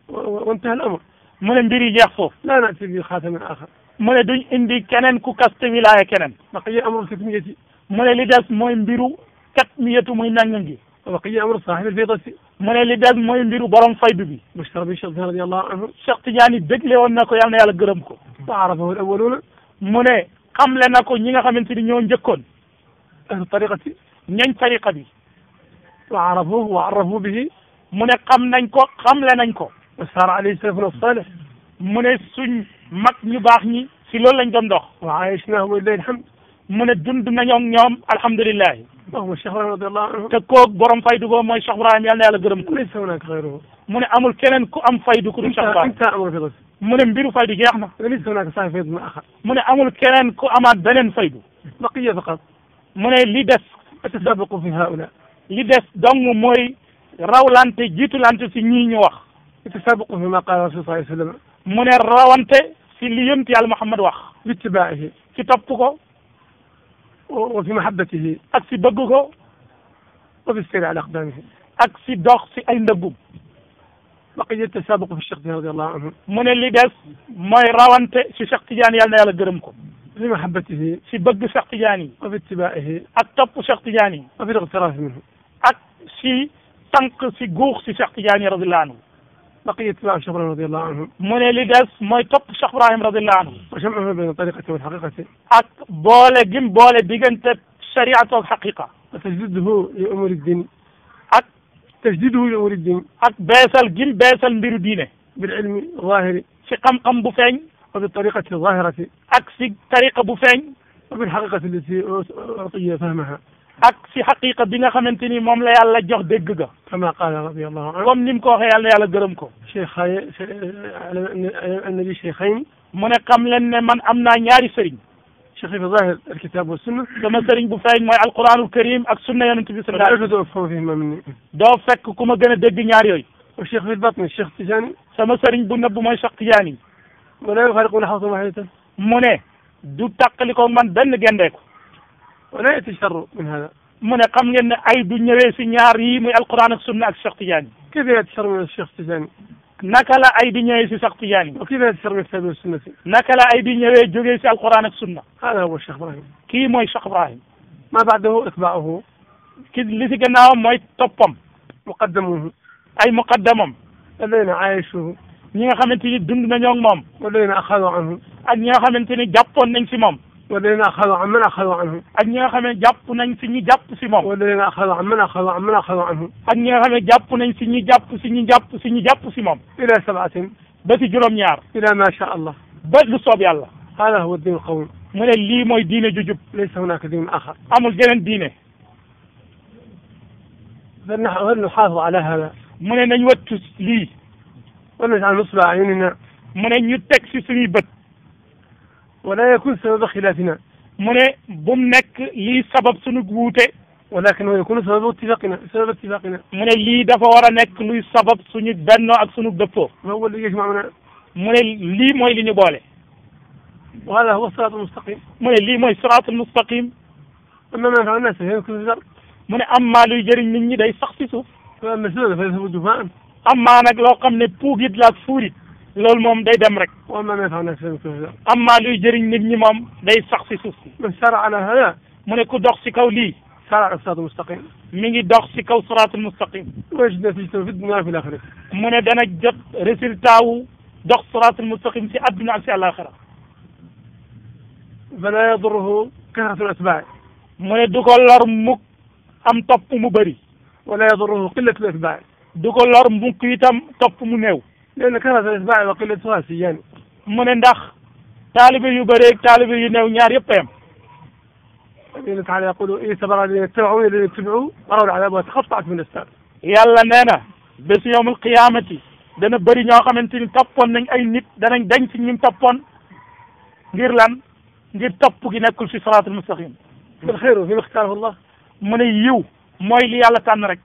وانتهى الأمر mu ne mbir yi jeex foofu. laa naati bi xaatamin axar. mu ne duñ indi keneen ku kaste wilaaya keneen. baqiya amru tatmiyati. mu ne li des mooy mbiru tatmiyatu muy nangam gi. baqiya amru saaxibi lfaydati. mu ne li des mooy mbiru borom faydu bi. mushtara bi Cheikh radiyallahu anhu. Cheikh Tidiane dégle woon na ko yal na yàlla gërëm ko. wa arafahu al awwaluuna. mu ne xamle na ko ñi nga xamante ni ñoo njëkkoon. ahlu tariqati. ñañ tariqa bi. wa arafuhu wa arafu bihi. mu ne xam nañ ko xamle nañ ko. sar عليه salafuna الصالح من السن suñ mag في لولا نجم si وعايشنا هو doon الحمد من الدن دن يوم يوم الحمد لله اللهم الشيخ رضي الله عنه تكوك برم فايدو بو موي شيخ ابراهيم يالنا يالا غرم ليس هناك غيره من امول كنن كو ام فايدو كو شيخ ابراهيم انت امر في غس من مبيرو فايدو جيخنا ليس هناك صاحب فايدو اخر من امول كنن كو اما بنن فايدو بقيه فقط من لي دس أتسابقوا في هؤلاء لي دس دون موي راولانتي لانتي سي ني ني واخ يتسابق فيما قال الرسول صلى الله عليه وسلم من الروانت في اللي يمتي على محمد واخ باتباعه كتابته وفي محبته اكسي بقه وفي السير على اقدامه اكسي دوخ اي نبو بقية التسابق في الشيخ رضي الله عنه من اللي داس ما يراونت في شيخ تجاني يعني يلا قرمكم في محبته في بق شيخ تجاني وفي اتباعه اكتب شيخ تجاني وفي الاغتراف منه اكسي تنق في قوخ في شيخ رضي الله عنه بقية لاعب شهر ابراهيم رضي الله عنه موني ليدرز ما يتوب شهر ابراهيم رضي الله عنه شهر بين الطريقة والحقيقة حق بولا جم بولا بيجنت الشريعة والحقيقة تجدده لأمور الدين حق تجدده لأمور الدين حق باسل جم باسل مير دينه بالعلم الظاهري في قم قم بوفين وبالطريقة الظاهرة أكسي طريقة بوفين وبالحقيقة التي أعطي فهمها ak si haqiqa bi nga xamanteni mom la yàlla jox dégg ga kama qala rabbi allah kom nim ko waxe yàlla yàlla geureum ko cheikh anna li cheikhayn mu ne xam len ne man amna ñaari sëriñ cheikh fi zahir al kitab wa sunnah sama sëriñ bu moy al qur'an al karim ak sunna yanu bi sallallahu alayhi wa sallam fama fihima min ni doo fekk ku dégg ñaar yoy cheikh fi lbatne cheikh tijani sama sëriñ bu nëbb mooy cheikh tijani wala yuxaariqu la xawsa waxidatan du tàqalikoo man benn gendeeku ولا ياتي من هذا من قام لنا اي دنيا ويسي من القران والسنه الشيخ كيف ياتي من الشيخ تجاني نكلا اي دنيا ويسي الشيخ وكيف ياتي من الكتاب والسنه نكلا اي دنيا ويسي القران والسنه هذا هو الشيخ ابراهيم كي مو الشيخ ابراهيم ما بعده اتباعه كيف اللي تقناه ما يتطبم مقدمه اي مقدمهم الذين عايشوا ñi nga xamanteni dund nañu ak mom wala ñu xalu an ñi nga والذين اخذوا عمن اخذوا عنه ان يغم جاب نان سيني جاب سيمو والذين اخذوا عمن اخذوا عمن اخذوا عنهم ان يغم جاب نان سيني جاب سيني جاب سيني جاب سيمو الى سبعه بس جروم نيار الى ما شاء الله بس لصوب يالله هذا هو الدين القوي من اللي مو دين جوجب ليس هناك دين اخر ام الجنن دينه فنحن نحافظ على هذا من ان يوتس لي ونجعل نصب اعيننا من ان يتكسس لي بس ولا يكون سبب خلافنا من بنك لي سبب سنك بوته ولكن هو يكون سبب اتفاقنا سبب اتفاقنا من لي دفع ورا نك لي سبب سنك بنا اك سنك دفو ما هو اللي يجمع منا من لي ما اللي نبالي وهذا هو الصراط المستقيم من لي ما الصراط المستقيم أما ما فعلنا سيكون كل ذر من أما لو يجري مني داي سخصيصو فأما سنة فأيسا بجفان أما أنا قلقم نبوغيد لا سوريد loolu moom day dem rek. wa ma yanfa'u amma luy jëriñ nit ñi moom day sax si suuf si. man sara ala hada. mu ne ku dox si kaw lii. sara ala siraatul mustaqim. mi ngi dox si kaw siraatul mustaqim. wajda fi dunya fi al-akhirah. mu ne dana jot résultat wu dox siraatul mustaqim si adduna ak si alaxira. fala yadurruhu kasratul atbaa. mu ne du ko lor mukk am topp mu bëri. wala yadurruhu qillatul atbaa. du ko lor mukk itam topp mu néew. لأن كرهت الإتباع وقلة فاسي يعني من عندك طالب يبرك طالب ينو نار يبهم الذين تعالى يقولوا إيه سبرا الذين اتبعوا إيه الذين اتبعوا مروا العذاب وتخطعت من السر يلا نانا بس يوم القيامة دنا بري نيو خامتيني توبون نان اي نيت دنا دنج سي نيم غير لان غير توب كي نيكول في صلاه المستقيم في الخير وفي الاختيار الله من يو موي لي يالا تان رك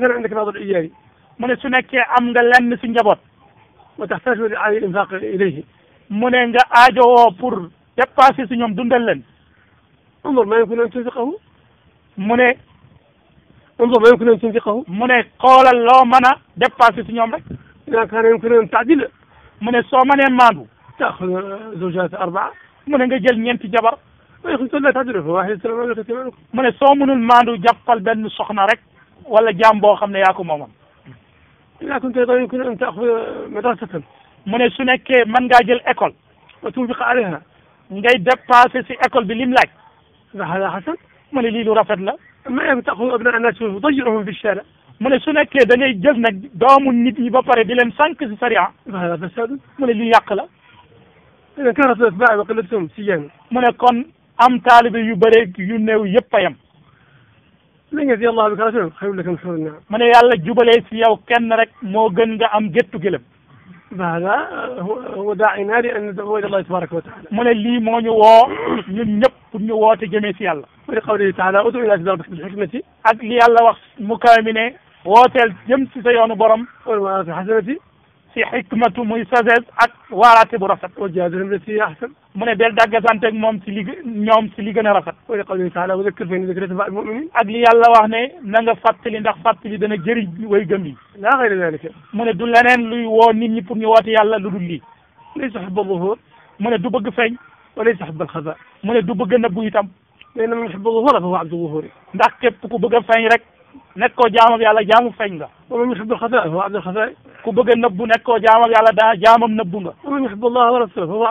عندك نظر ايجابي mu ne su nekkee am nga lenn si njaboot moo tax tajwid al infaq ilayhi mu ne nga aajowoo pour dépenser si ñoom dundal leen unzur maa yumkinu an tunfiqahu mu ne unzur maa yumkinu an tunfiqahu mu ne xoolal loo mën a dépenser si ñoom rek idaa kaana yumkinu an taadila mu ne soo mënee maandu taaxud zawjaat arbaa mu ne nga jël ñeenti jabar waaye xëy na taajur fa waaye salaamaaleykum mu ne soo mënul maandu jàppal benn soxna rek wala jaam boo xam ne yaa ko moomoon لكن أيضا يمكن أن تأخذ مدرسه من سنك من جاي الأكل وتوبق عليها من جاي دب باس في أكل بليملاك هذا حسن من اللي لو رفض لا ما يم تأخذ أبناء الناس وتضيعهم في الشارع من سنك دني جزنا دوم النبي بفر بلم سانك سريعة هذا فساد من اللي يقلا إذا كانت الأتباع وقلتهم سجن من كون أم طالب يبرك ينو يبايم li nga fi allah bi kala sun xayrul lakum xur naa mu ne yàlla jubalee si yow kenn rek moo gën nga am géttu gëlëm فهذا هو داعينا لان ندعو الى الله تبارك وتعالى. من اللي مو نيو ñun ñep ñu wote jëme ci yalla. Wa qawli ta'ala ud'u ila rabbika bil hikmati. Ak li yalla wax mu kawmi ne wotel jëm ci sa yoonu borom. Wal ma'asi hasanati. si xikmatu muy sagesse ak waaraate bu rafet wa jaadilhum latii hiya ahsan mu ne del dàggasanteeg moom si li ñoom si li gën a rafet wa li qawlihi taala wa zakkir fa inna zikraa tanfa'ul mu'miniin ak li yàlla wax ne na nga fàttali ndax fàttali dana jëriñ way gëm yi laa xayra zaalika mu ne du leneen luy woo nit ñi pour ñu woote yàlla lu dul lii laysa hubbu zuhuur mu ne du bëgg feeñ wa laysa hubbu al-xafaa mu ne du bëgg nëbbu itam léegi nag man hubbu zuhuur fa huwa abdu zuhuur ndax képp ku bëgg a rek nekkoo jaamam yàlla jaamu feeñ nga. wa man yuhibbu al-khafaa'ia fa huwa abdu al-khafaa'ia. ku nekkoo jaamam yàlla daa jaamam nëbbu nga. wa man yuhibbu Allaha wa rasulahu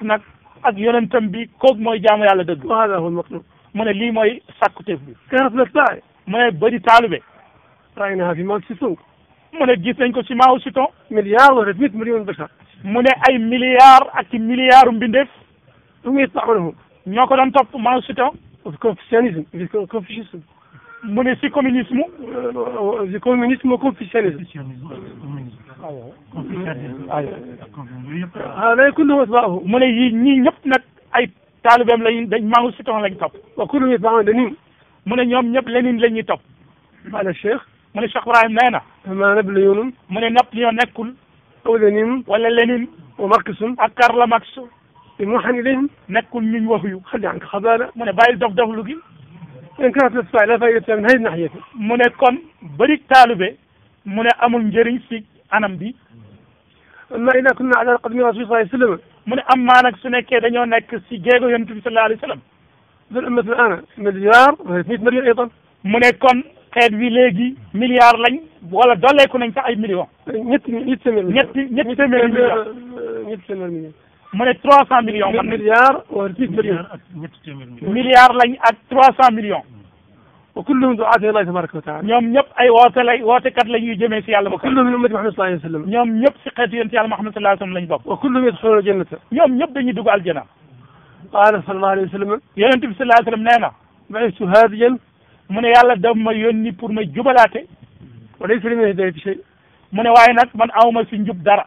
nag ak yonentam bi kooku mooy jaamu yàlla dëgg. wa haadha huwa al-matlub. mu ne lii mooy sàkkuteef bi. kasratul atbaa'. mu ne bëri taalibe. ra'aynaha fi Mao Tse-tung. mu ne gis nañ ko ci Mao Tse-tung. milliard wa mille million bashar. ne ay milliards ak ci milliards mbindeef. ñoo ko doon topp Mao Tse-tung V konfisyanizm, v konfisyanizm. Mounen se konfisyanizm, v konfisyanizm. Konfisyanizm, konfisyanizm. Konfisyanizm, konfisyanizm. Mounen yi nyop net ay talbe mle yin dengman ou setan lak top. Mounen yon nyop lenin len yi top. Mounen shakura yon mena. Mounen nap liyon nek koul. Ou lenin. Ou lenin. Ou lak son. Ak kar la lak son. موحى إليهم نكل من وهيو خلي عنك خبالة من بايل دف دف لقي إن كانت السعي فائدة من هذه الناحية من كون بريك طالبة من أمل نجري سيك أنم بي أما إذا كنا على قدم رسول صلى الله عليه وسلم من أما نكسنا كده نيو نكسي جيغو ينتبه صلى الله عليه وسلم ذل مثل أنا مليار 300 مليون أيضا من كون xeet wi léegi مليار لين ولا dolleeku nañ ca ay millions. ñetti ñetti téeméer ñetti ñetti téeméer million ñetti mu ne trois cent millions. man milliard wala six millions. milliard lañ ak trois cent millions. wa kulluhum du'aatun ila Allahi tabaraka wa taala. ñoom ñëpp ay woote lay wootekat la ñuy jëmee si yàlla. wa kulluhum min ummati Muhammad sallallahu alayhi wa sallam. ñoom ñëpp si xeetu yonent yàlla Muhammad sallallahu alayhi wa sallam lañ bokk. wa kulluhum yadxuluuna al-jannata. ñoom ñëpp dañuy dugg aljana. qaala sallallahu alayhi wa sallam. yonent bi sallallahu alayhi wa sallam nee na. bu'istu haadiyan. mu ne yàlla daf ma yónni pour ma jubalaate. wa laysa li-l-hidayati shay'. mu ne waaye nag man awma si njub dara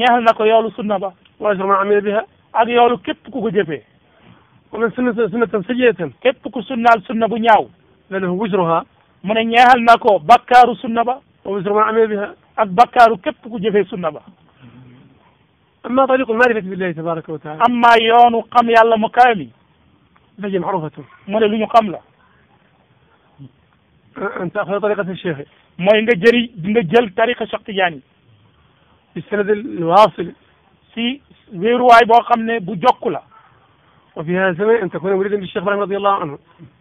نحن نقول يا لسنة با واش رمان عمل بها اك يا لسنة كيف تكو جبه ومن سنة سنة سجيتا كيف تكو سنة السنة بنياو لأنه وزرها من نحن نقول بكار سنة با واش رمان عمل بها اك بكار كيف تكو جبه سنة با أما طريق المعرفة بالله تبارك وتعالى أما يونو قم يا الله نجي معروفة من اللي يقام له أن تأخذ طريقة الشيخ ما ينجري ينجل طريقة شقتياني يعني. في السند الواصل في بيرواي بوقم بو جوكولا وفي هذا الزمن ان تكون مريدا للشيخ ابراهيم رضي الله عنه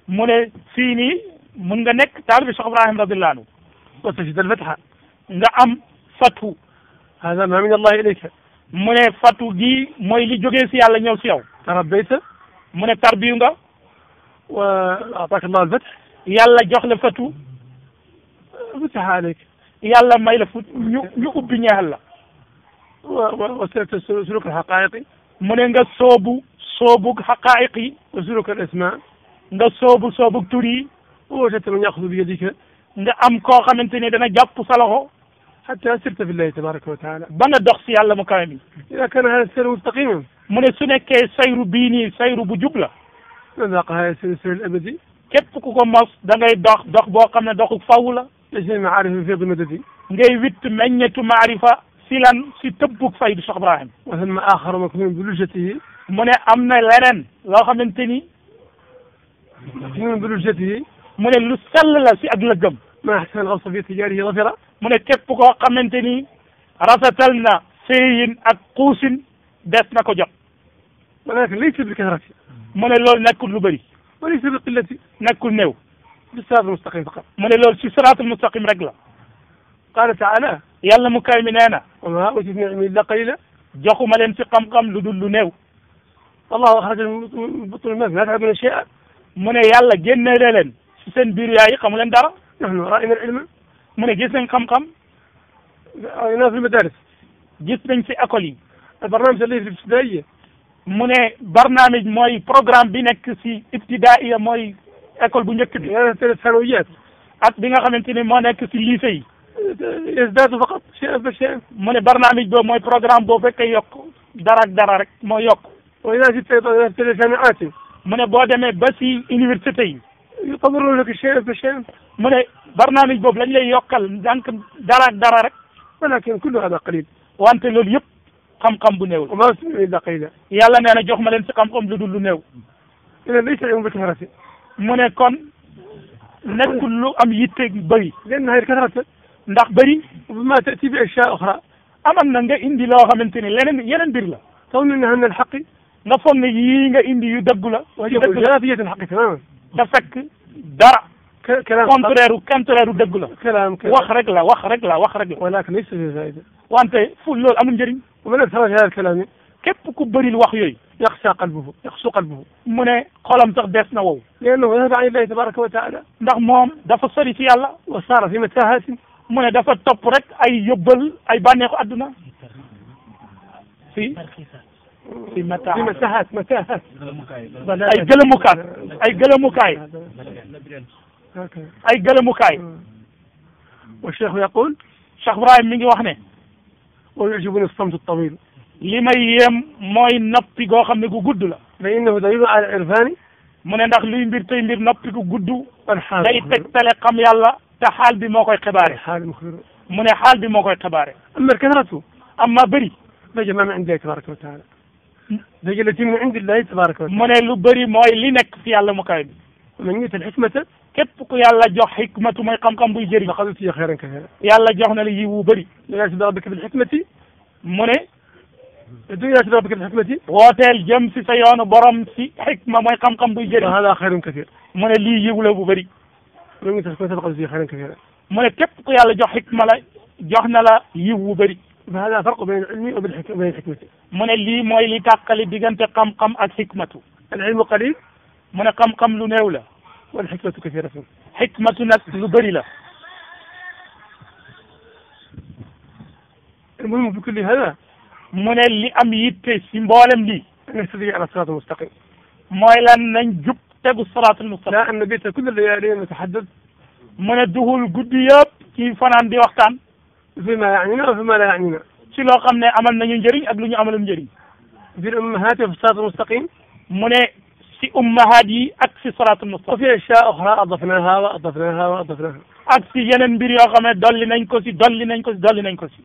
من فيني من نك تعرف الشيخ ابراهيم رضي الله عنه وتجد الفتحة نعم فتو هذا ما من الله اليك من فتو دي موي لي جوغي سي الله نيو سيو تربيت من تربيو نغا واعطاك الله الفتح يلا جوخنا فتو فتح عليك يلا ما يلفوت يو يو بني الله وسلوك الحقائقي من قد صوبو صوبك حقائقي وسلوك الأسماء قد صوبو صوبك تري وجدت من يأخذ بيدك أم من خمنتني انا جاب صلاه حتى سرت في الله تبارك وتعالى بنا دخسي على مكاني إذا كان هذا السير مستقيما من السنه كي سير بيني سير بجبلة من ذاق هذا السير الأبدي كيف ku ko دا da دخ دخ dox boo دخ فاولا doxu faw في la seen maarifa fi madadi ngay سيلا سي تبوك الشيخ ابراهيم وثم اخر مكنون بلوجته من امنا لرن لا خمنتني مكنون بلوجته من لسل لا سي ادلغم ما احسن غوص في ظفرة من تبوك وقمنتني رسلنا سيين اقوس داسنا كجب ولكن ليس بالكثرة من لول ناكل لبري وليس بقلتي ناكل نيو بالصراط المستقيم فقط من لول سي صراط المستقيم رجله قال تعالى يلا مكاي من انا وما اوتيت من علم الا قليلا جاكو مالين في قمقم لدول لدو الله اخرج من بطن الماء لا تعبنا شيئا من يلا جنة لين سن بيريا يقم لين دارا نحن راينا العلم من جسن قمقم قم في المدارس جسن في اكولي البرنامج اللي في الابتدائية من برنامج موي بروجرام بينك في ابتدائية موي اكل بنكتب بي يعني ثانويات ات بيغا مو نيك في الليسي ISDS faqat mu ne barnaamij boobu mooy programme boobu rek kay yokk dara ak dara rek moo yokk. wa idaa jita ilaa mu ne boo demee ba si université yi. yuqawwiruunaka shay'an fa shay'an. mu ne barnaamij boobu lañ lay yokkal donc dara ak dara rek. walaakin kullu haadaa qaliil. wante loolu yëpp xam bu néew la. wa maa utiitum illaa qaliilaa. yàlla nee na jox ma leen si xam-xam lu dul lu néew. idan laysa mu ne kon nekkul lu am yitte bëri. li annahaa hiya ndax bari ma tati bi ashya okhra amal na nga indi lo xamanteni lenen yenen bir la taw ni nga an haqi na foog yi nga indi yu dëggu la yu dëgg la jalafiyatul xaqi tamaman te fekk dara contraire contraire dëgg la wax rek la wax rek la wax rek la walakin laysa fi wante fu loolu amul njëriñ wala sama hada kalami képp ku bëril wax yooyu yaxsa qalbuhu yaxsu qalbuhu mu xolam sax des na wow léegi nag yahda an wa taala ndax moom dafa sori ci yàlla wa saara fi matahatin mu ne dafa topp rek ay yóbbal ay bànneexu adduna si si mata masahaat masahaat ay gëlëmukaat ay gëlëmukaay ay gëlëmukaay wa cheikh yaqul cheikh Ibrahim mi ngi wax ne wa yujibuni samt tawil li may yéem mooy noppi goo xam ne gu gudd la fa innahu dalilun ala irfani mu ne ndax luy mbir tey mbir noppi gu gudd day tegtale xam yàlla تحال بي موكوي خباري حال مخير من حال بي موكوي خباري اما كثرته اما بري ما بجا ما عندي تبارك وتعالى بجا التي من عند الله تبارك وتعالى من لو بري موي لي نك في الله مكاي من نيت الحكمه كيف يا الله جو حكمه ما قام قام بي جيري لقد في خيرا كثيرا يا الله جوخنا لي يو بري لا سيد ربك بالحكمه من الدنيا إيه؟ سيد ربك بالحكمه واتل جمس سيون برم سي حكمه ما قام قام بي جيري هذا خير كثير من لي يولا بو بري لم يكن تخفيت القدس في خيرا كثيرا ما يكبق يا لجو حكمة جهنا لا يبو بري هذا فرق بين العلم وبين الحكمة من اللي ما يلي تقلي بيجنت العلم قليل من قم قم لنولا والحكمة كثيرة حكمة ناس لبري لا المهم هذا من اللي أم يتي سيمبالم لي نستطيع على الصراط المستقيم ما لن تبو الصلاة المستقبل نعم النبي كل الليالي يعني نتحدث من الدهول قدياب كيف فنان دي وقتان فيما يعنينا وفيما لا يعنينا شو لو قمنا عملنا ينجري أقول لي عمل ينجري في الأمهات في الصلاة المستقيم من سي أمهات أكسي صلاة المستقيم وفي أشياء أخرى أضفناها وأضفناها وأضفناها أكسي ينن بري وقمنا دل ننكسي دل ننكسي دل ننكسي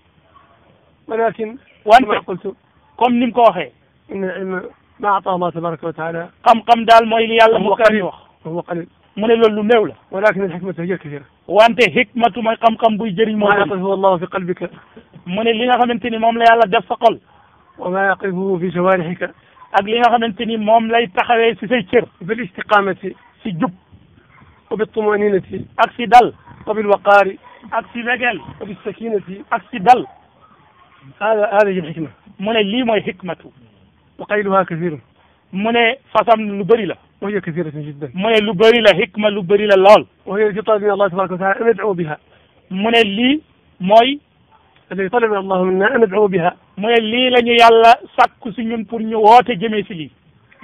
ولكن وانت قلت كم نمكوه إن ما اعطاه الله تبارك وتعالى قم قم دال مويل الله هو قليل هو قليل من اللي نولا ولكن الحكمة هي كثيرة وانت حكمة ما قم قم بي جري ما يقذف الله في قلبك من اللي نغم انتني موم لا يلا دف قل وما يقفه في جوارحك اقل نغم انتني موم لا يتخذي سيسير بالاستقامة في وبالطمأنينة اكسي دل وبالوقار اكسي بقل وبالسكينة اكسي دل هذا هذه الحكمة من اللي ما حكمته وقيلها كثير من فاسام لبري لا وهي كثيرة جدا من لبري لا حكمة لبري لا لال وهي تطلب من الله تبارك وتعالى أن ندعو بها من اللي ماي الذي طلب من الله منا أن ندعو بها من اللي لن يالا ساكو سنين بور جميسي جميع سيجي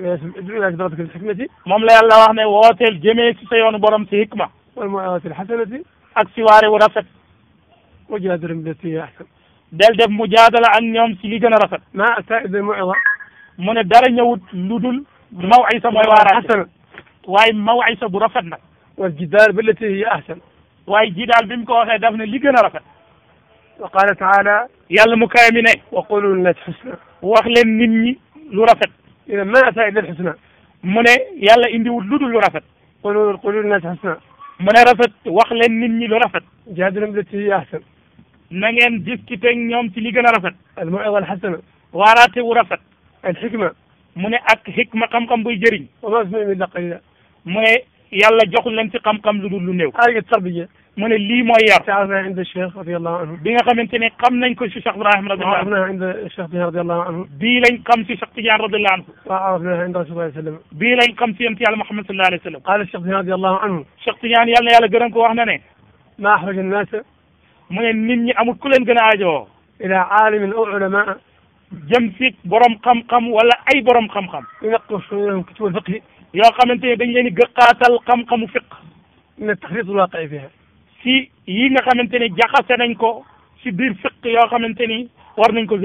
ادعو الى كثرتك الحكمة مام لا يالا واحنا يواتي الجميع سيون برم سي حكمة والمعاوات الحسنة أكسي واري ورفت وجادر من ذاتي أحسن دل دب مجادلة عن يوم سيجي جنرفت ما أساعد المعظم mu ne dara ñëwut lu dul mawisa mooy waaraate asana waaye mawisa bu rafet nag wal jidaal billati hiya ahsan waaye jidaal bi mu ko waxee daf ne li gën a rafet wa qaala taala yàlla mu kawe mi ne wa qulu linnaasi husna wax leen nit ñi lu rafet ina man ata illa alhusna mu ne yàlla indiwut lu dul lu rafet qulu qulu linnaasi husna mu ne rafet wax leen nit ñi lu rafet jaadilhum billati hiya ahsan na ngeen discuter ak ñoom ci li gën a rafet al mawida alhasana waaraate wu rafet الحكمة من أك حكمة كم كم بيجرين الله سبحانه وتعالى من يلا جكون لنتي كم كم لولو لنيو هاي التربية من اللي ما يار تعالى عند الشيخ رضي الله عنه بينا كم انتني كم نين كل شخص راح مرد الله عرفنا عند الشيخ بيه رضي الله عنه بيلين كم في شخص جار رضي الله عنه تعرفنا عند رسول الله سلم بيلين كم في انتي على محمد صلى الله عليه وسلم قال الشيخ بيه رضي الله عنه شخص يعني يلا يلا قرن كوا هنا ما أحرج الناس من نني أمر كلن جنا عاجو إلى عالم أو علماء جم فيك برم خم خم ولا أي برم خم خم ينقش كتب الفقه يا خم أنت يا قاتل خم خم فقه من التحريض الواقع فيها سي يين خم أنت يا سي بير فقه يا خم أنت يا ورن إنكو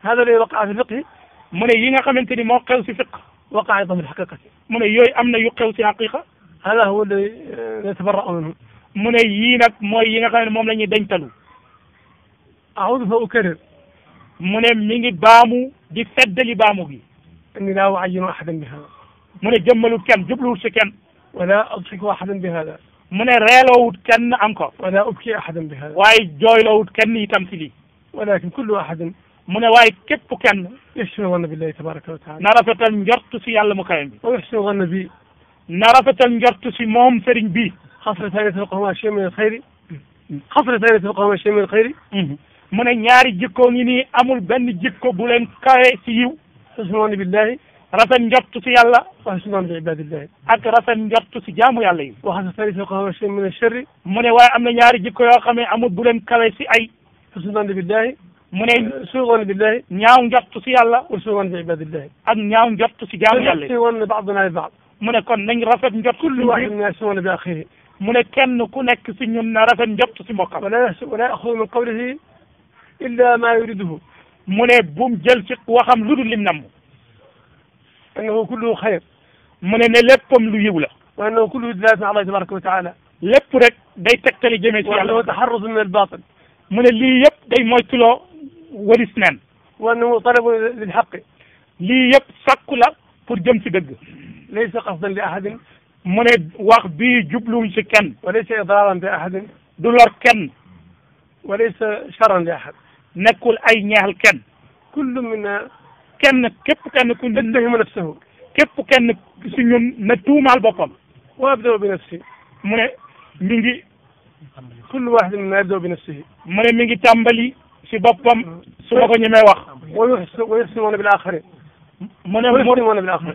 هذا اللي وقع في الفقه من يين خم أنت يا في فقه وقع أيضا في الحقيقة من يوي أمن يقل في الحقيقة هذا هو اللي نتبرأ منه من يينك ما يينك أنا مملني دينتلو أعوذ فأكرر mune mi ngi baamu di feddali baamu gi inni laa uayinu ahadan biha mu ne jëmmalul kenn jubluwul si kenn wala adxiku ahadan bi hada mu ne reeloowut kenn encore wala ubki ahadan bi hada waaye jooyloowut kenn itam si lii walakin kullu ahadin mu ne waaye képp kenn yaxsinu wanna billahi tabaraka wa taala na rafetal njortu si yàlla mu kawem bi wa yaxsinu wanna bi na rafetal njortu si moom sëriñ bi xasratan yatafaqahuma shay min alxayri xasratan yatafaqahuma shay min alxayri mu ne ñaari jikkoo ngi nii amul benn jikko bu leen kawe ci yiw xusnoon billahi rafet njottu ci yàlla wa xusnoon bi ibadillahi ak rafet njottu si jaamu yàlla yi waxasa tarifi xawa shay min sharri mu ne waaye am na ñaari jikko yoo xam ne amul bu leen kawe ci ay xusnoon billahi mu ne suugoon billahi ñaaw njottu ci yàlla wa suugoon bi ibadillahi ak ñaaw njottu ci jaamu yàlla yi woon baaduna li baad mu ne kon nañ rafet njott kullu waahid minna yasuuna bi axihi mu ne kenn ku nekk ci ñun na rafet njott si mbokkam إلا ما يريده من بوم جل سق وخم لود لم نم أنه كله خير من نلبكم ليولا وأنه كل ذات الله تبارك وتعالى لبرك داي تكتلي جميع الشيء وأنه تحرز من الباطل من اللي يب داي مويتلو ولسنان وأنه طلب للحق لي يب سقلا pour jëm ci dëgg laysa qasdan li ahadin mu ne wax bii jubluwuñ si kenn walaysa idraran bi ahadin du نكل اي نهل كن كل منا كن كيف كان كن نتهم نفسه كيف كان سنون نتوم على البطل وابدا بنفسي من مينجي كل واحد منا يبدا بنفسه من ميغي تامبلي سي بوبام سو كو نيمي واخ ويحسنون بالاخرين من يحسنون بالاخرين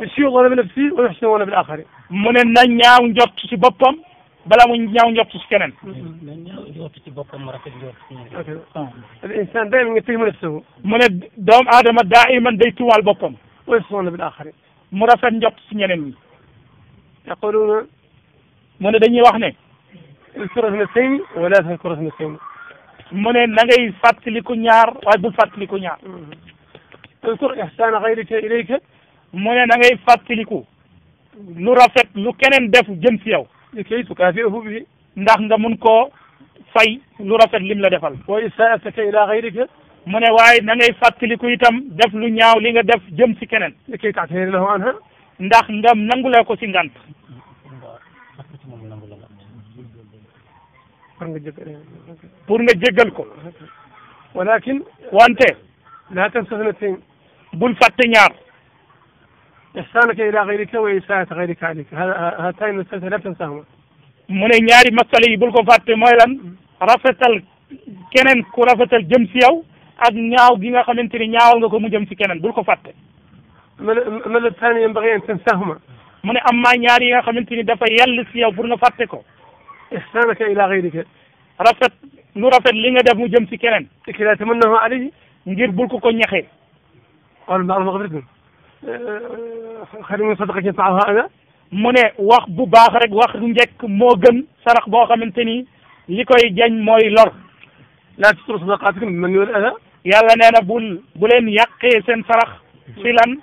بسيو الله بنفسي ويحسنون بالاخرين من نانياو نجوت سي بوبام balaa mu ñaaw njort ci keneen. mais ñaaw njort ci boppam mu rafet njort ci ñeneen. ok al insaan dayman yahtajimu nafsahu. mu ne doomu aadama daa iman day tuumaal boppam. wa yasuu'una bil aaxarin. mu rafet njort ci ñeneen ñi. yaquluuna. mu ne dañuy wax ne. uzkur isma-llaahi wa laa tadkur isma-llaahi. mu ne na ngay fàttaliku ñaar waaye bul fàttaliku ñaar. uzkur ihsaana gayrika ilayka. mu ne na ngay fàttaliku. lu rafet lu keneen def jëm ci yow. kay tukaafi'uhu bihi ndax nga mun koo fay lu rafet lim la defal wa isaataka ila xayrika mu ne waaye na ngay fàttaliku itam def lu ñaaw li nga def jëm si keneen kay taatiri lahu anha ndax nga nangule ko si ngant pour nga ko walakin wante laa tansa sanatayn bul fàtte ñaar إحسانك إلى غيرك وإساءة غيرك عليك هاتين المسألتين لا تنساهما من ياري مسألة يقولكم فاتي مويلا رفت الكنن كرفة الجمسي أو أد نياو جينا خمين تري نياو لغو مجمسي كنن بلكم فاتي ما الثاني ينبغي أن تنساهما من أما ياري خمين تري دفع يلسي أو برنا فاتيكو إحسانك إلى غيرك رفت نرفت لينا دف مجمسي كنن إكلا تمنه عليه نجير بلكم كن يخي قال المعلم غبرتنا xëy na sadaqatin tanfa'u mu ne wax bu baax rek wax njëkk moo gën sarax boo xamante ni li koy jañ mooy lor. laa tusru sadaqaatikum bil manni wal adhaa. yàlla nee na bul bu leen yàqee seen sarax. si lan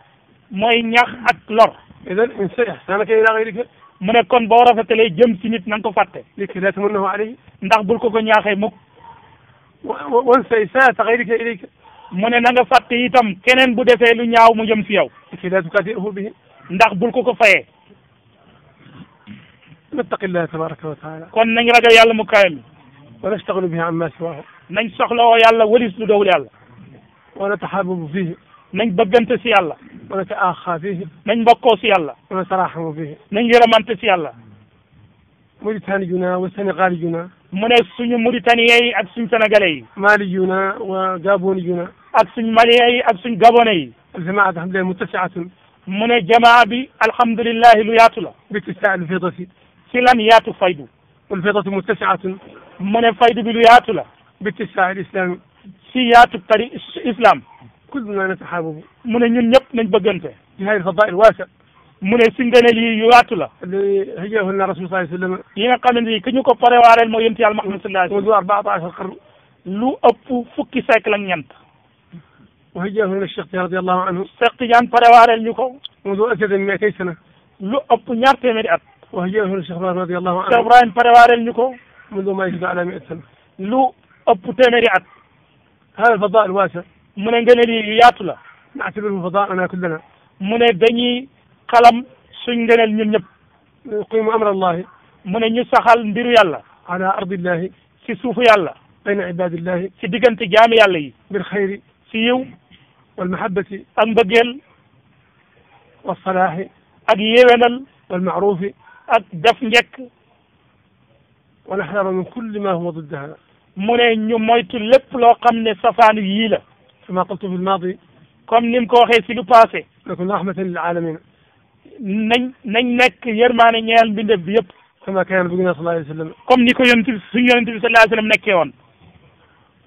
mooy ñax ak lor. idan insa ihsaanaka ilaa ghayrika mu ne kon boo rafetalee jëm si nit na nga ko fàtte. liki laa tamannahu alayhi. ndax bul ko ko ñaaxee mukk. wa wa wansa isaa'ata ghayrika ilayka mu ne na nga fàtte itam keneen bu defee lu ñaaw mu jëm si yow. kii laa tukaazi'hu bihi. ndax bul ko ko fayee. nattaqillaah tabaaraka wa taala. kon nañ ragal yàlla mu kawe mi. wa nashtagilu bihi ammaa siwaahu. nañ soxlawoo yàlla walis lu dowul yàlla. wa natahaababu fiihi. nañ bëggante si yàlla. wa nata'aaxaa fiihi. nañ mbokkoo si yàlla. wa nataraahamu fiihi. nañ yërëmante si yàlla. Mauritaniyuna wa Sénégaliyuna. mu ne suñu Mauritanien yi ak suñu sénégalais yi. Maliyuna wa Gaboniyuna. أبسن مليئي أبسن قبني الجماعة الحمد لله متسعة من الجماعة بي الحمد لله لياتلا بتسع الفيضة سلم ياتو فايدو والفيضة متسعة من الفايدو بي بلياتلا بتسع الإسلام سياتو طريق الإسلام كل ما نتحابب من ينب من بقنته نهاية الفضاء الواسع من السندن اللي يواتلا اللي هي هنا رسول صلى الله عليه وسلم هنا قامن دي كنيو كفاري وعلى المهم تيال محمد صلى الله عليه وسلم وزو 14 قرن لو أبو فكي سايك لن ينتهي وهجاه من الشيخ رضي الله عنه اقتجان فريوار اليكو منذ أكثر من 200 سنة لو أبطنيار تيمري أب من الشيخ رضي الله عنه شبران فريوار اليكو منذ ما يزيد على 100 سنة لو أبطنيري هذا الفضاء الواسع من أنجل الياتلة نعتبره فضاء أنا كلنا من بني قلم سنجل النب قيم أمر الله من يسخل ندير يلا على أرض الله في سوف يلا بين عباد الله في ديكنت جامع الله بالخير في والمحبة أنبجل والصلاح أجيبنل والمعروف أدفنجك ونحذر من كل ما هو ضدها من يميت لب لو قمنا صفان يلا كما قلت في الماضي كم نمكو خيسي لباسي لكن رحمة للعالمين نن نك يرمان نيال بند بيب كما كان بقنا صلى الله عليه وسلم كم نكو ينتبه صلى الله عليه وسلم نكيون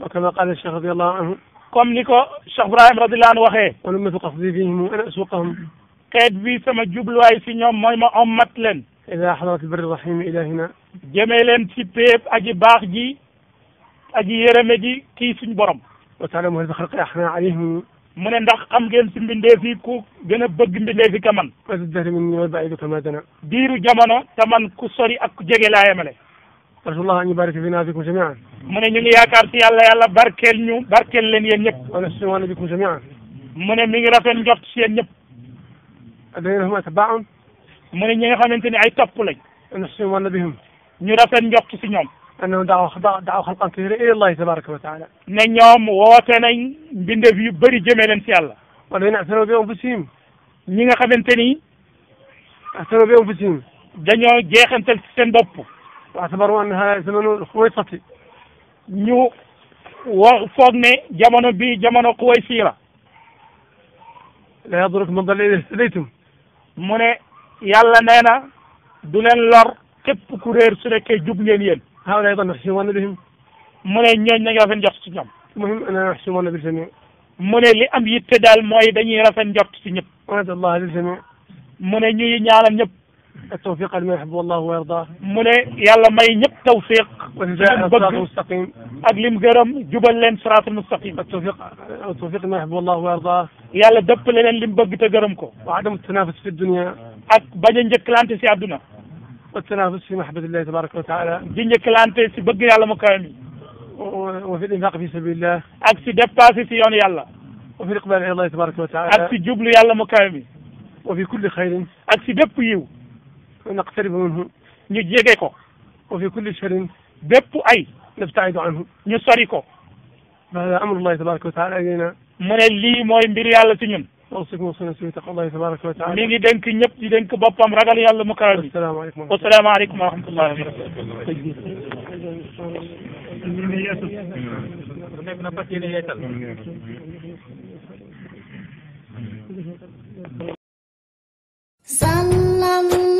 وكما قال الشيخ رضي الله عنه comme ni ko Cheikh Ibrahim radiyallahu anhu waxee. wa nummatu qasdi fihim an asuqahum. xeet bi sama jubluwaay si ñoom mooy ma ommat leen. ila xadrat albirri rahimi ilahina. leen ci péep aji baax ji aji yërëme ji kii suñ borom. wa taalamu hal bi xalqi axna alayhim. mu ne ndax xam ngeen si mbindeef yi ku gën bëgg mbindeef yi ka man. wa dahri min ni wal baidu kama dana. diiru jamono te man ku sori ak ku jege laa arju llaha an yubarika fina fikum jamian mu ne ñu ngi yaakaar ci yàlla yàlla barkeel ñu barkeel leen yéen ñëpp wa nasta'inu an bikum jamian mu ne mi ngi rafet njot ci yéen ñëpp alladhina hum atba'un mu ne ñi nga xamante ni ay topp lañ wa nasta'inu an bihim ñu rafet njot ci ñoom annahum da'aw da'aw xalqan kathiran ila allahi tabaraka wa taala ne ñoom woote nañ mbindeef yu bëri jëmee leen ci yàlla walladhina i'tanaw bi anfusihim ñi nga xamante ni i'tanaw bi anfusihim dañoo jeexantal ci seen bopp واعتبروا أنها زمن الخويصة ñu wa foog ne jamono bii jamono Quwaysira la yadurrukum man dalla idaa htadaytum mu ne yàlla nee na du leen lor képp ku réer su nekkee jub ngeen yéen haa'ulaa'i dhannu ihsumuhunna bihim mu ne ñooñ nañ rafet njort ci ñoom muhim li am yitte daal mooy dañuy rafet njort ci ñëpp wa nad'u llaaha lil jamii mu التوفيق لما يحب الله ويرضاه مولاي يلا ما ينب توفيق ونجاح الصراط المستقيم اقلي مقرم جبل لين صراط المستقيم التوفيق التوفيق ما يحب الله ويرضاه يلا دب لين اللي مبقي تقرمكو وعدم التنافس في الدنيا اك بجن جك لانتي سي عبدنا والتنافس في محبة الله تبارك وتعالى جن جك لانتي سي بقي على مكاني وفي الانفاق في سبيل الله اكسي دب تاسي سيون يلا وفي الاقبال على الله تبارك وتعالى اكسي جبل يلا مكايمي وفي كل خير اكسي دب يو ونقترب منه نجيكو وفي كل شر بيبو أي نبتعد عنه نصاريكو هذا أمر الله تبارك وتعالى علينا من اللي ما ينبري على سنين أوصيكم وصينا سوية الله تبارك وتعالى ميغي دنك نب دي دنك بابام رجل يالله مكرر السلام عليكم والسلام عليكم ورحمة الله وبركاته صلى الله